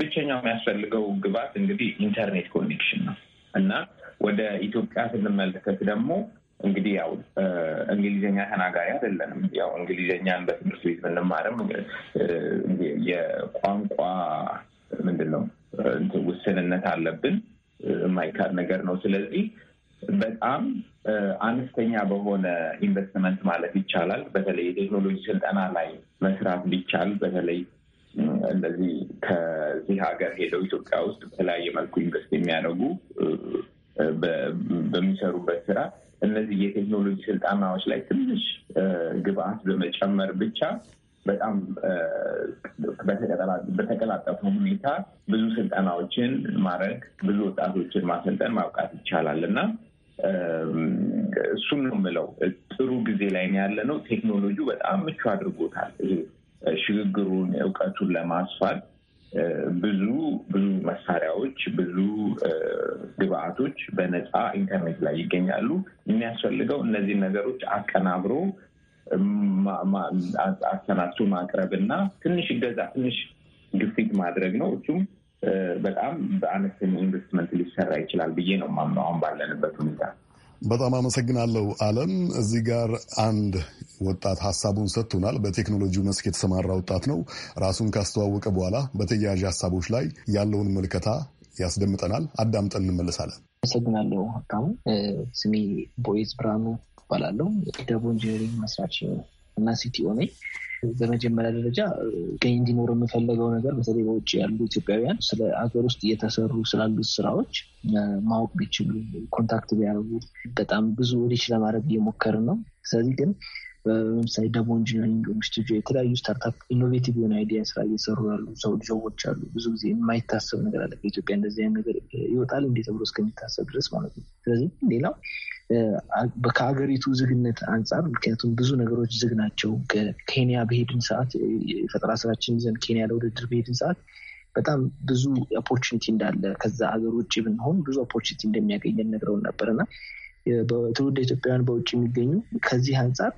ብቸኛው የሚያስፈልገው ግብዓት እንግዲህ ኢንተርኔት ኮኔክሽን ነው እና ወደ ኢትዮጵያ ስንመለከት ደግሞ እንግዲህ ያው እንግሊዝኛ ተናጋሪ አይደለንም። ያው እንግሊዝኛን በትምህርት ቤት ብንማርም የቋንቋ ምንድን ነው ውስንነት አለብን፣ የማይካድ ነገር ነው። ስለዚህ በጣም አነስተኛ በሆነ ኢንቨስትመንት ማለት ይቻላል በተለይ የቴክኖሎጂ ስልጠና ላይ መስራት ቢቻል በተለይ እንደዚህ ከዚህ ሀገር ሄደው ኢትዮጵያ ውስጥ በተለያየ መልኩ ኢንቨስት የሚያደርጉ በሚሰሩበት ስራ እነዚህ የቴክኖሎጂ ስልጠናዎች ላይ ትንሽ ግብአት በመጨመር ብቻ በጣም በተቀላጠፈ ሁኔታ ብዙ ስልጠናዎችን ማድረግ ብዙ ወጣቶችን ማሰልጠን ማብቃት ይቻላል እና እሱን ነው የምለው። ጥሩ ጊዜ ላይ ነው ያለ ነው። ቴክኖሎጂው በጣም ምቹ አድርጎታል። ይሄ ሽግግሩን እውቀቱን ለማስፋት ብዙ ብዙ መሳሪያዎች፣ ብዙ ግብአቶች በነፃ ኢንተርኔት ላይ ይገኛሉ። የሚያስፈልገው እነዚህን ነገሮች አቀናብሮ አሰናቱ ማቅረብ እና ትንሽ እገዛ፣ ትንሽ ግፊት ማድረግ ነው። እሱም በጣም በአነስተኛ ኢንቨስትመንት ሊሰራ ይችላል ብዬ ነው ማምነው አሁን ባለንበት ሁኔታ። በጣም አመሰግናለሁ አለም። እዚህ ጋር አንድ ወጣት ሀሳቡን ሰጥቶናል። በቴክኖሎጂ መስክ የተሰማራ ወጣት ነው። ራሱን ካስተዋወቀ በኋላ በተያያዥ ሀሳቦች ላይ ያለውን ምልከታ ያስደምጠናል። አዳምጠን እንመለሳለን። አመሰግናለሁ ሀብታሙ። ስሜ ቦይዝ ብርሃኑ እባላለሁ። ደቦ ኢንጂነሪንግ መስራች እና ሲቲኦ ነኝ። በመጀመሪያ ደረጃ ገኝ እንዲኖር የምፈለገው ነገር በተለይ በውጭ ያሉ ኢትዮጵያውያን ስለ ሀገር ውስጥ እየተሰሩ ስላሉት ስራዎች ማወቅ ቢችሉ ኮንታክት ቢያደርጉ በጣም ብዙ ሪች ለማድረግ እየሞከርን ነው። ስለዚህ ግን ለምሳሌ ደቦ ኢንጂነሪንግ ኢንስቲትዩት የተለያዩ ስታርታፕ ኢኖቬቲቭ የሆነ አይዲያ ስራ እየሰሩ ያሉ ሰው ሰዎች አሉ። ብዙ ጊዜ የማይታሰብ ነገር አለ። በኢትዮጵያ እንደዚህ ነገር ይወጣል እንዴ ተብሎ እስከሚታሰብ ድረስ ማለት ነው። ስለዚህ ሌላው ከሀገሪቱ ዝግነት አንጻር ምክንያቱም ብዙ ነገሮች ዝግ ናቸው። ከኬንያ በሄድን ሰዓት የፈጠራ ስራችን ይዘን ኬንያ ለውድድር በሄድን ሰዓት በጣም ብዙ ኦፖርቹኒቲ እንዳለ ከዛ ሀገር ውጭ ብንሆን ብዙ ኦፖርቹኒቲ እንደሚያገኘን ነግረውን ነበር እና በትውልድ ኢትዮጵያውያን በውጭ የሚገኙ ከዚህ አንጻር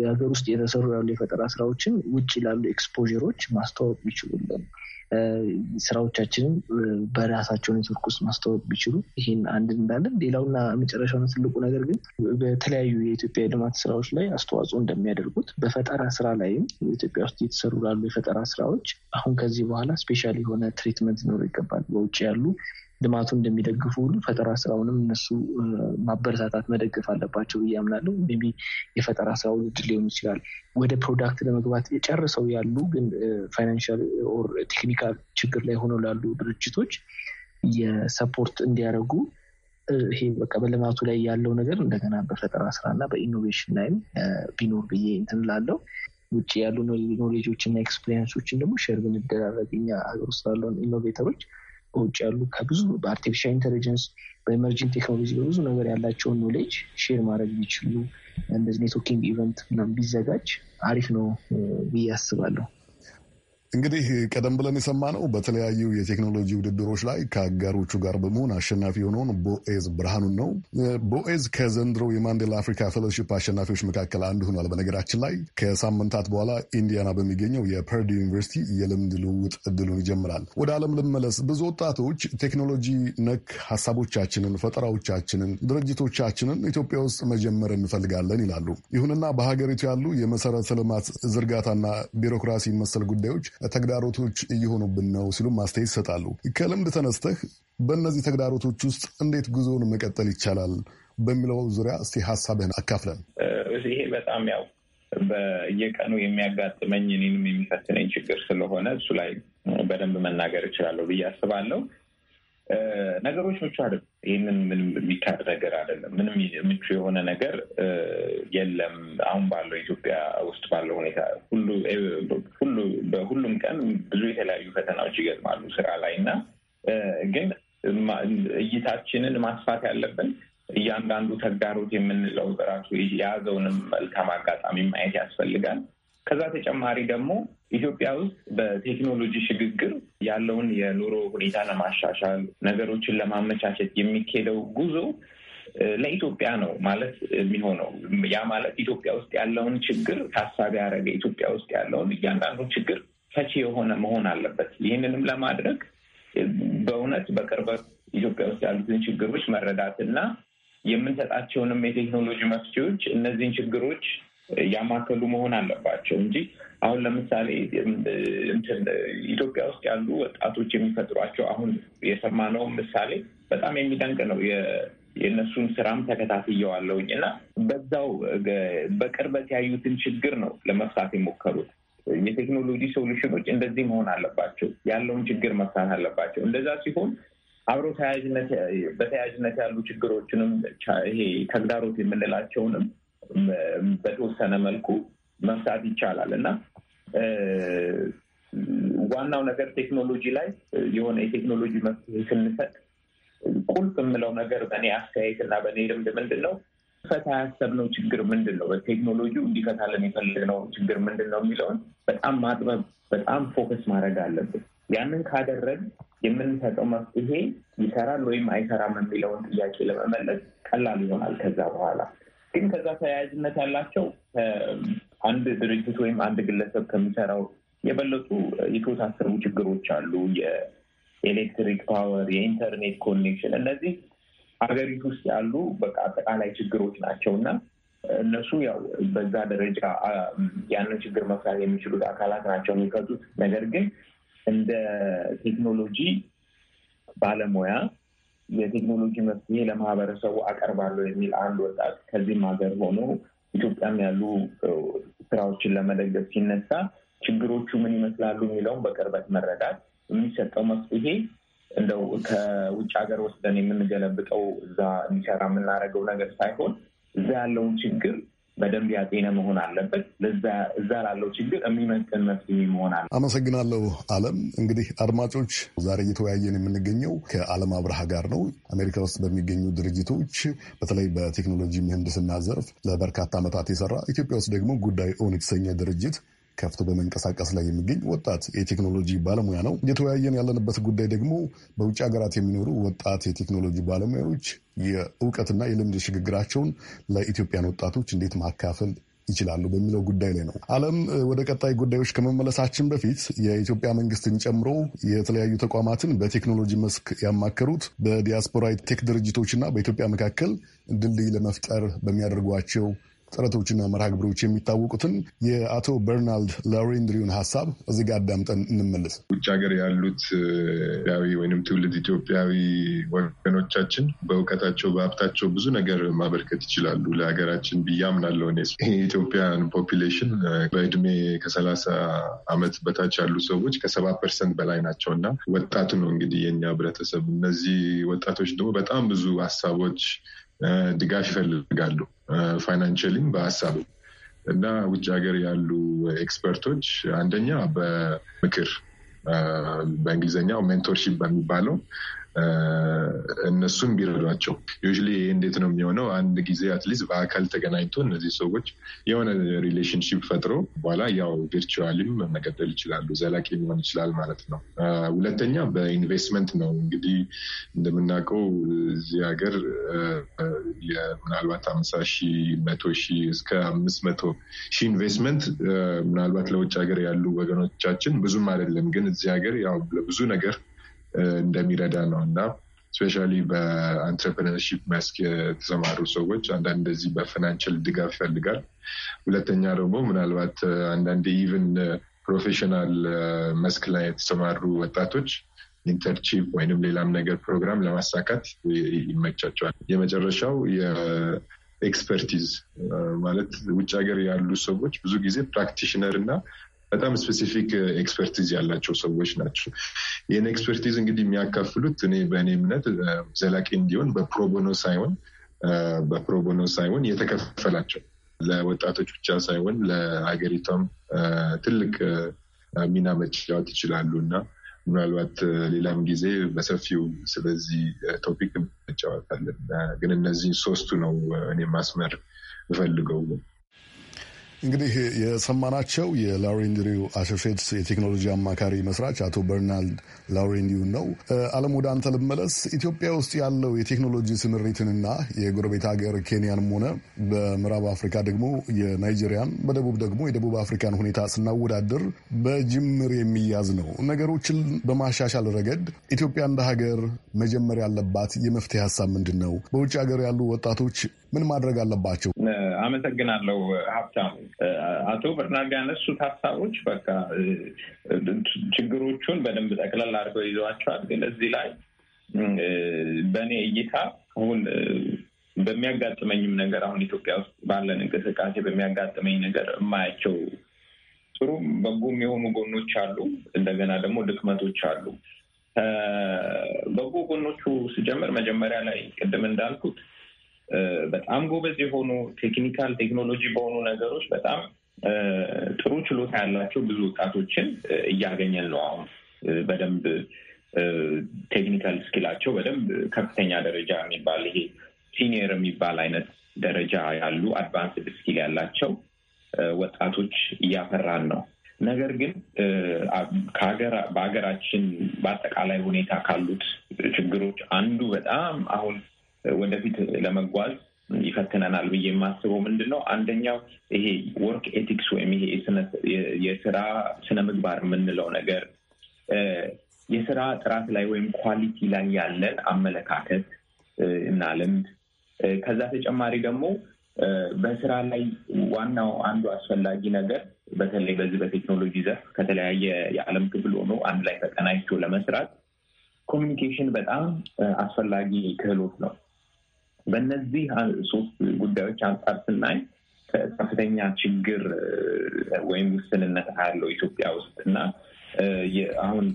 የሀገር ውስጥ የተሰሩ ያሉ የፈጠራ ስራዎችን ውጭ ላሉ ኤክስፖሮች ማስተዋወቅ ይችሉልን ስራዎቻችንም በራሳቸው ኔትወርክ ውስጥ ማስተዋወቅ ቢችሉ ይህን አንድ እንዳለን። ሌላውና መጨረሻው ትልቁ ነገር ግን በተለያዩ የኢትዮጵያ የልማት ስራዎች ላይ አስተዋጽኦ እንደሚያደርጉት በፈጠራ ስራ ላይም ኢትዮጵያ ውስጥ እየተሰሩ ላሉ የፈጠራ ስራዎች አሁን ከዚህ በኋላ ስፔሻል የሆነ ትሪትመንት ሊኖረው ይገባል። በውጭ ያሉ ልማቱ እንደሚደግፉ ሁሉ ፈጠራ ስራውንም እነሱ ማበረታታት መደገፍ አለባቸው ብዬ አምናለሁ። ቢ የፈጠራ ስራ ውድድር ሊሆን ይችላል። ወደ ፕሮዳክት ለመግባት የጨርሰው ያሉ ግን ፋይናንሻል ኦር ቴክኒካል ችግር ላይ ሆነው ላሉ ድርጅቶች የሰፖርት እንዲያደርጉ ይሄ በቃ በልማቱ ላይ ያለው ነገር እንደገና በፈጠራ ስራ እና በኢኖቬሽን ላይም ቢኖር ብዬ እንትን ላለው ውጭ ያሉ ኖሌጆች እና ኤክስፔሪንሶችን ደግሞ ሸር ብንደራረግ እኛ ሀገር ውስጥ ላለውን ኢኖቬተሮች ከውጭ ያሉ ከብዙ በአርቲፊሻል ኢንቴሊጀንስ በኢመርጂን ቴክኖሎጂ በብዙ ነገር ያላቸውን ኖሌጅ ሼር ማድረግ ቢችሉ እንደዚህ ኔትወርኪንግ ኢቨንት ምናምን ቢዘጋጅ አሪፍ ነው ብዬ አስባለሁ። እንግዲህ ቀደም ብለን የሰማነው በተለያዩ የቴክኖሎጂ ውድድሮች ላይ ከአጋሮቹ ጋር በመሆን አሸናፊ የሆነውን ቦኤዝ ብርሃኑን ነው። ቦኤዝ ከዘንድሮ የማንዴላ አፍሪካ ፌሎሺፕ አሸናፊዎች መካከል አንዱ ሆኗል። በነገራችን ላይ ከሳምንታት በኋላ ኢንዲያና በሚገኘው የፐርድ ዩኒቨርሲቲ የልምድ ልውውጥ እድሉን ይጀምራል። ወደ ዓለም ልመለስ። ብዙ ወጣቶች ቴክኖሎጂ ነክ ሀሳቦቻችንን፣ ፈጠራዎቻችንን፣ ድርጅቶቻችንን ኢትዮጵያ ውስጥ መጀመር እንፈልጋለን ይላሉ። ይሁንና በሀገሪቱ ያሉ የመሰረተ ልማት ዝርጋታና ቢሮክራሲ መሰል ጉዳዮች ተግዳሮቶች እየሆኑብን ነው ሲሉም አስተያየት ይሰጣሉ። ከልምድ ተነስተህ በእነዚህ ተግዳሮቶች ውስጥ እንዴት ጉዞውን መቀጠል ይቻላል በሚለው ዙሪያ እስቲ ሀሳብህን አካፍለን። ይሄ በጣም ያው በየቀኑ የሚያጋጥመኝ እኔንም የሚፈትነኝ ችግር ስለሆነ እሱ ላይ በደንብ መናገር እችላለሁ ብዬ አስባለሁ። ነገሮች ምቹ አይደለም። ይህንን ምንም የሚካድ ነገር አይደለም። ምንም ምቹ የሆነ ነገር የለም። አሁን ባለው ኢትዮጵያ ውስጥ ባለው ሁኔታ ሁሉ በሁሉም ቀን ብዙ የተለያዩ ፈተናዎች ይገጥማሉ ስራ ላይ እና ግን እይታችንን ማስፋት ያለብን እያንዳንዱ ተግዳሮት የምንለው ራሱ የያዘውንም መልካም አጋጣሚ ማየት ያስፈልጋል። ከዛ ተጨማሪ ደግሞ ኢትዮጵያ ውስጥ በቴክኖሎጂ ሽግግር ያለውን የኑሮ ሁኔታ ለማሻሻል ነገሮችን ለማመቻቸት የሚካሄደው ጉዞ ለኢትዮጵያ ነው ማለት የሚሆነው። ያ ማለት ኢትዮጵያ ውስጥ ያለውን ችግር ታሳቢ ያደረገ ኢትዮጵያ ውስጥ ያለውን እያንዳንዱ ችግር ፈቺ የሆነ መሆን አለበት። ይህንንም ለማድረግ በእውነት በቅርበት ኢትዮጵያ ውስጥ ያሉትን ችግሮች መረዳት እና የምንሰጣቸውንም የቴክኖሎጂ መፍትሄዎች እነዚህን ችግሮች እያማከሉ መሆን አለባቸው እንጂ አሁን ለምሳሌ እንትን ኢትዮጵያ ውስጥ ያሉ ወጣቶች የሚፈጥሯቸው አሁን የሰማነውን ምሳሌ በጣም የሚደንቅ ነው። የእነሱን ስራም ተከታትየዋለሁኝ እና በዛው በቅርበት ያዩትን ችግር ነው ለመፍታት የሞከሩት። የቴክኖሎጂ ሶሉሽኖች እንደዚህ መሆን አለባቸው፣ ያለውን ችግር መፍታት አለባቸው። እንደዛ ሲሆን አብሮ ተያያዥነት በተያያዥነት ያሉ ችግሮችንም ይሄ ተግዳሮት የምንላቸውንም በተወሰነ መልኩ መፍታት ይቻላል እና ዋናው ነገር ቴክኖሎጂ ላይ የሆነ የቴክኖሎጂ መፍትሄ ስንሰጥ ቁልፍ የምለው ነገር በእኔ አስተያየት እና በእኔ ልምድ ምንድን ነው ፈታ ያሰብነው ችግር ምንድን ነው፣ በቴክኖሎጂው እንዲፈታልን የፈለግነው ችግር ምንድን ነው የሚለውን በጣም ማጥበብ፣ በጣም ፎከስ ማድረግ አለብን። ያንን ካደረግ የምንሰጠው መፍትሄ ይሰራል ወይም አይሰራም የሚለውን ጥያቄ ለመመለስ ቀላል ይሆናል ከዛ በኋላ ግን ከዛ ተያያዥነት ያላቸው አንድ ድርጅት ወይም አንድ ግለሰብ ከሚሰራው የበለጡ የተወሳሰቡ ችግሮች አሉ። የኤሌክትሪክ ፓወር፣ የኢንተርኔት ኮኔክሽን፣ እነዚህ ሀገሪቱ ውስጥ ያሉ በቃ አጠቃላይ ችግሮች ናቸው እና እነሱ ያው በዛ ደረጃ ያንን ችግር መፍታት የሚችሉት አካላት ናቸው የሚፈቱት። ነገር ግን እንደ ቴክኖሎጂ ባለሙያ የቴክኖሎጂ መፍትሄ ለማህበረሰቡ አቀርባለሁ የሚል አንድ ወጣት ከዚህም ሀገር ሆኖ ኢትዮጵያም ያሉ ስራዎችን ለመደገፍ ሲነሳ ችግሮቹ ምን ይመስላሉ የሚለውን በቅርበት መረዳት የሚሰጠው መፍትሄ እንደው ከውጭ ሀገር ወስደን የምንገለብጠው እዛ እንዲሰራ የምናደርገው ነገር ሳይሆን እዛ ያለውን ችግር በደንብ ያጤነ መሆን አለበት። ለዛ እዛ ላለው ችግር የሚመጥን መፍትሄ መሆን አለ። አመሰግናለሁ አለም። እንግዲህ አድማጮች ዛሬ እየተወያየን የምንገኘው ከአለም አብርሃ ጋር ነው። አሜሪካ ውስጥ በሚገኙ ድርጅቶች በተለይ በቴክኖሎጂ ምህንድስና ዘርፍ ለበርካታ ዓመታት የሰራ ኢትዮጵያ ውስጥ ደግሞ ጉዳይ ኦን የተሰኘ ድርጅት ከፍቶ በመንቀሳቀስ ላይ የሚገኝ ወጣት የቴክኖሎጂ ባለሙያ ነው። እየተወያየን ያለንበት ጉዳይ ደግሞ በውጭ ሀገራት የሚኖሩ ወጣት የቴክኖሎጂ ባለሙያዎች የእውቀትና የልምድ ሽግግራቸውን ለኢትዮጵያን ወጣቶች እንዴት ማካፈል ይችላሉ በሚለው ጉዳይ ላይ ነው። አለም ወደ ቀጣይ ጉዳዮች ከመመለሳችን በፊት የኢትዮጵያ መንግስትን ጨምሮ የተለያዩ ተቋማትን በቴክኖሎጂ መስክ ያማከሩት በዲያስፖራ ቴክ ድርጅቶችና በኢትዮጵያ መካከል ድልድይ ለመፍጠር በሚያደርጓቸው ጥረቶችና መርሃ ግብሮች የሚታወቁትን የአቶ በርናልድ ላውሬንድሪውን ሀሳብ እዚህ ጋር አዳምጠን እንመለስ። ውጭ ሀገር ያሉት ኢትዮጵያዊ ወይም ትውልድ ኢትዮጵያዊ ወገኖቻችን በእውቀታቸው በሀብታቸው ብዙ ነገር ማበርከት ይችላሉ ለሀገራችን ብዬ አምናለሁ። የኢትዮጵያን ፖፕሌሽን በእድሜ ከሰላሳ አመት በታች ያሉ ሰዎች ከሰባ ፐርሰንት በላይ ናቸው እና ወጣቱ ነው እንግዲህ የኛ ህብረተሰብ። እነዚህ ወጣቶች ደግሞ በጣም ብዙ ሀሳቦች ድጋፍ ይፈልጋሉ ፋይናንሽሊም በሀሳብ እና ውጭ ሀገር ያሉ ኤክስፐርቶች አንደኛ በምክር በእንግሊዝኛው ሜንቶርሺፕ በሚባለው እነሱም ቢረዷቸው ዩዥሊ እንዴት ነው የሚሆነው? አንድ ጊዜ አትሊስት በአካል ተገናኝቶ እነዚህ ሰዎች የሆነ ሪሌሽንሽፕ ፈጥሮ በኋላ ያው ቪርቹዋልም መቀጠል ይችላሉ። ዘላቂ ሊሆን ይችላል ማለት ነው። ሁለተኛ በኢንቨስትመንት ነው እንግዲህ እንደምናውቀው እዚህ ሀገር ምናልባት አምሳ ሺ መቶ ሺ እስከ አምስት መቶ ሺ ኢንቨስትመንት ምናልባት ለውጭ ሀገር ያሉ ወገኖቻችን ብዙም አይደለም፣ ግን እዚህ ሀገር ያው ለብዙ ነገር እንደሚረዳ ነው እና ስፔሻሊ በአንትረፕረነርሺፕ መስክ የተሰማሩ ሰዎች አንዳንድ እንደዚህ በፋይናንሽል ድጋፍ ይፈልጋል። ሁለተኛ ደግሞ ምናልባት አንዳንድ ኢቨን ፕሮፌሽናል መስክ ላይ የተሰማሩ ወጣቶች ኢንተርንሺፕ ወይንም ሌላም ነገር ፕሮግራም ለማሳካት ይመቻቸዋል። የመጨረሻው የኤክስፐርቲዝ ማለት ውጭ ሀገር ያሉ ሰዎች ብዙ ጊዜ ፕራክቲሽነር እና በጣም ስፔሲፊክ ኤክስፐርቲዝ uh, ያላቸው ሰዎች ናቸው። ይህን ኤክስፐርቲዝ እንግዲህ የሚያካፍሉት እኔ በእኔ እምነት uh, ዘላቂ እንዲሆን በፕሮቦኖ ሳይሆን uh, በፕሮቦኖ ሳይሆን የተከፈላቸው ለወጣቶች ብቻ ሳይሆን ለሀገሪቷም ትልቅ ሚና መጫወት ይችላሉ እና ምናልባት ሌላም ጊዜ በሰፊው ስለዚህ ቶፒክ እንጫወታለን። ግን እነዚህ ሶስቱ ነው እኔ ማስመር እፈልገው። እንግዲህ የሰማናቸው የላውሬንድሪው አሶሼትስ የቴክኖሎጂ አማካሪ መስራች አቶ በርናልድ ላውሬንዲው ነው። አለም ወደ አንተ ልመለስ። ኢትዮጵያ ውስጥ ያለው የቴክኖሎጂ ስምሪትንና የጎረቤት ሀገር ኬንያንም ሆነ በምዕራብ አፍሪካ ደግሞ የናይጄሪያን፣ በደቡብ ደግሞ የደቡብ አፍሪካን ሁኔታ ስናወዳድር በጅምር የሚያዝ ነው። ነገሮችን በማሻሻል ረገድ ኢትዮጵያ እንደ ሀገር መጀመር ያለባት የመፍትሄ ሀሳብ ምንድን ነው? በውጭ ሀገር ያሉ ወጣቶች ምን ማድረግ አለባቸው? አመሰግናለሁ ሀብታም አቶ በርናርድ ያነሱት ሀሳቦች በቃ ችግሮቹን በደንብ ጠቅለል አድርገው ይዘዋቸዋል። ግን እዚህ ላይ በእኔ እይታ አሁን በሚያጋጥመኝም ነገር አሁን ኢትዮጵያ ውስጥ ባለን እንቅስቃሴ በሚያጋጥመኝ ነገር የማያቸው ጥሩም በጎም የሆኑ ጎኖች አሉ። እንደገና ደግሞ ድክመቶች አሉ። በጎ ጎኖቹ ስጀምር መጀመሪያ ላይ ቅድም እንዳልኩት በጣም ጎበዝ የሆኑ ቴክኒካል ቴክኖሎጂ በሆኑ ነገሮች በጣም ጥሩ ችሎታ ያላቸው ብዙ ወጣቶችን እያገኘን ነው። አሁን በደንብ ቴክኒካል ስኪላቸው በደንብ ከፍተኛ ደረጃ የሚባል ይሄ ሲኒየር የሚባል አይነት ደረጃ ያሉ አድቫንስድ ስኪል ያላቸው ወጣቶች እያፈራን ነው። ነገር ግን በሀገራችን በአጠቃላይ ሁኔታ ካሉት ችግሮች አንዱ በጣም አሁን ወደፊት ለመጓዝ ይፈትነናል ብዬ የማስበው ምንድን ነው? አንደኛው ይሄ ወርክ ኤቲክስ ወይም ይሄ የስራ ስነ ምግባር የምንለው ነገር የስራ ጥራት ላይ ወይም ኳሊቲ ላይ ያለን አመለካከት እና ልምድ፣ ከዛ ተጨማሪ ደግሞ በስራ ላይ ዋናው አንዱ አስፈላጊ ነገር በተለይ በዚህ በቴክኖሎጂ ዘርፍ ከተለያየ የዓለም ክፍል ሆኖ አንድ ላይ ተቀናጅቶ ለመስራት ኮሚኒኬሽን በጣም አስፈላጊ ክህሎት ነው። በእነዚህ ሶስት ጉዳዮች አንጻር ስናይ ከፍተኛ ችግር ወይም ውስንነት አለው ኢትዮጵያ ውስጥ እና አሁን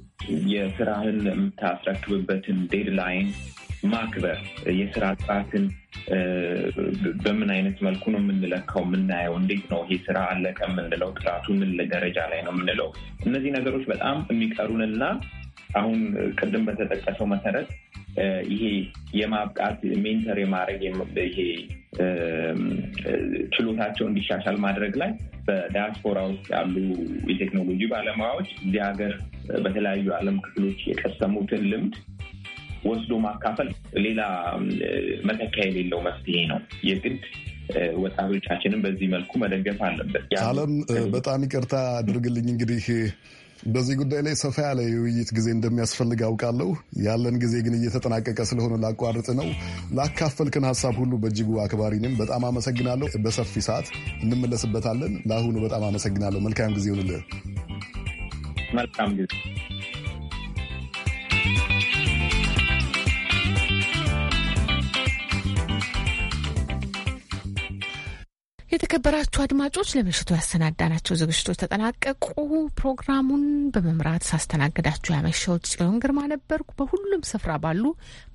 የስራህን የምታስረክብበትን ዴድላይን ማክበር የስራ ጥራትን በምን አይነት መልኩ ነው የምንለካው? የምናየው እንዴት ነው ይሄ ስራ አለቀ የምንለው? ጥራቱ ምን ደረጃ ላይ ነው የምንለው? እነዚህ ነገሮች በጣም የሚቀሩንና አሁን ቅድም በተጠቀሰው መሰረት ይሄ የማብቃት ሜንተር የማድረግ ይሄ ችሎታቸው እንዲሻሻል ማድረግ ላይ በዳያስፖራ ውስጥ ያሉ የቴክኖሎጂ ባለሙያዎች እዚህ ሀገር በተለያዩ ዓለም ክፍሎች የቀሰሙትን ልምድ ወስዶ ማካፈል ሌላ መተካ የሌለው መፍትሄ ነው። የግድ ወጣቶቻችንን በዚህ መልኩ መደገፍ አለበት። አለም በጣም ይቅርታ አድርግልኝ እንግዲህ በዚህ ጉዳይ ላይ ሰፋ ያለ የውይይት ጊዜ እንደሚያስፈልግ አውቃለሁ። ያለን ጊዜ ግን እየተጠናቀቀ ስለሆነ ላቋርጥ ነው። ላካፈልክን ሀሳብ ሁሉ በእጅጉ አክባሪንም በጣም አመሰግናለሁ። በሰፊ ሰዓት እንመለስበታለን። ለአሁኑ በጣም አመሰግናለሁ። መልካም ጊዜ ይሁንልህ። መልካም ጊዜ የተከበራችሁ አድማጮች ለምሽቱ ያሰናዳናቸው ዝግጅቶች ተጠናቀቁ። ፕሮግራሙን በመምራት ሳስተናግዳችሁ ያመሸሁት ጽዮን ግርማ ነበርኩ። በሁሉም ስፍራ ባሉ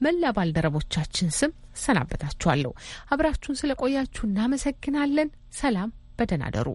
መላ ባልደረቦቻችን ስም ሰናበታችኋለሁ። አብራችሁን ስለቆያችሁ እናመሰግናለን። ሰላም፣ በደህና አደሩ።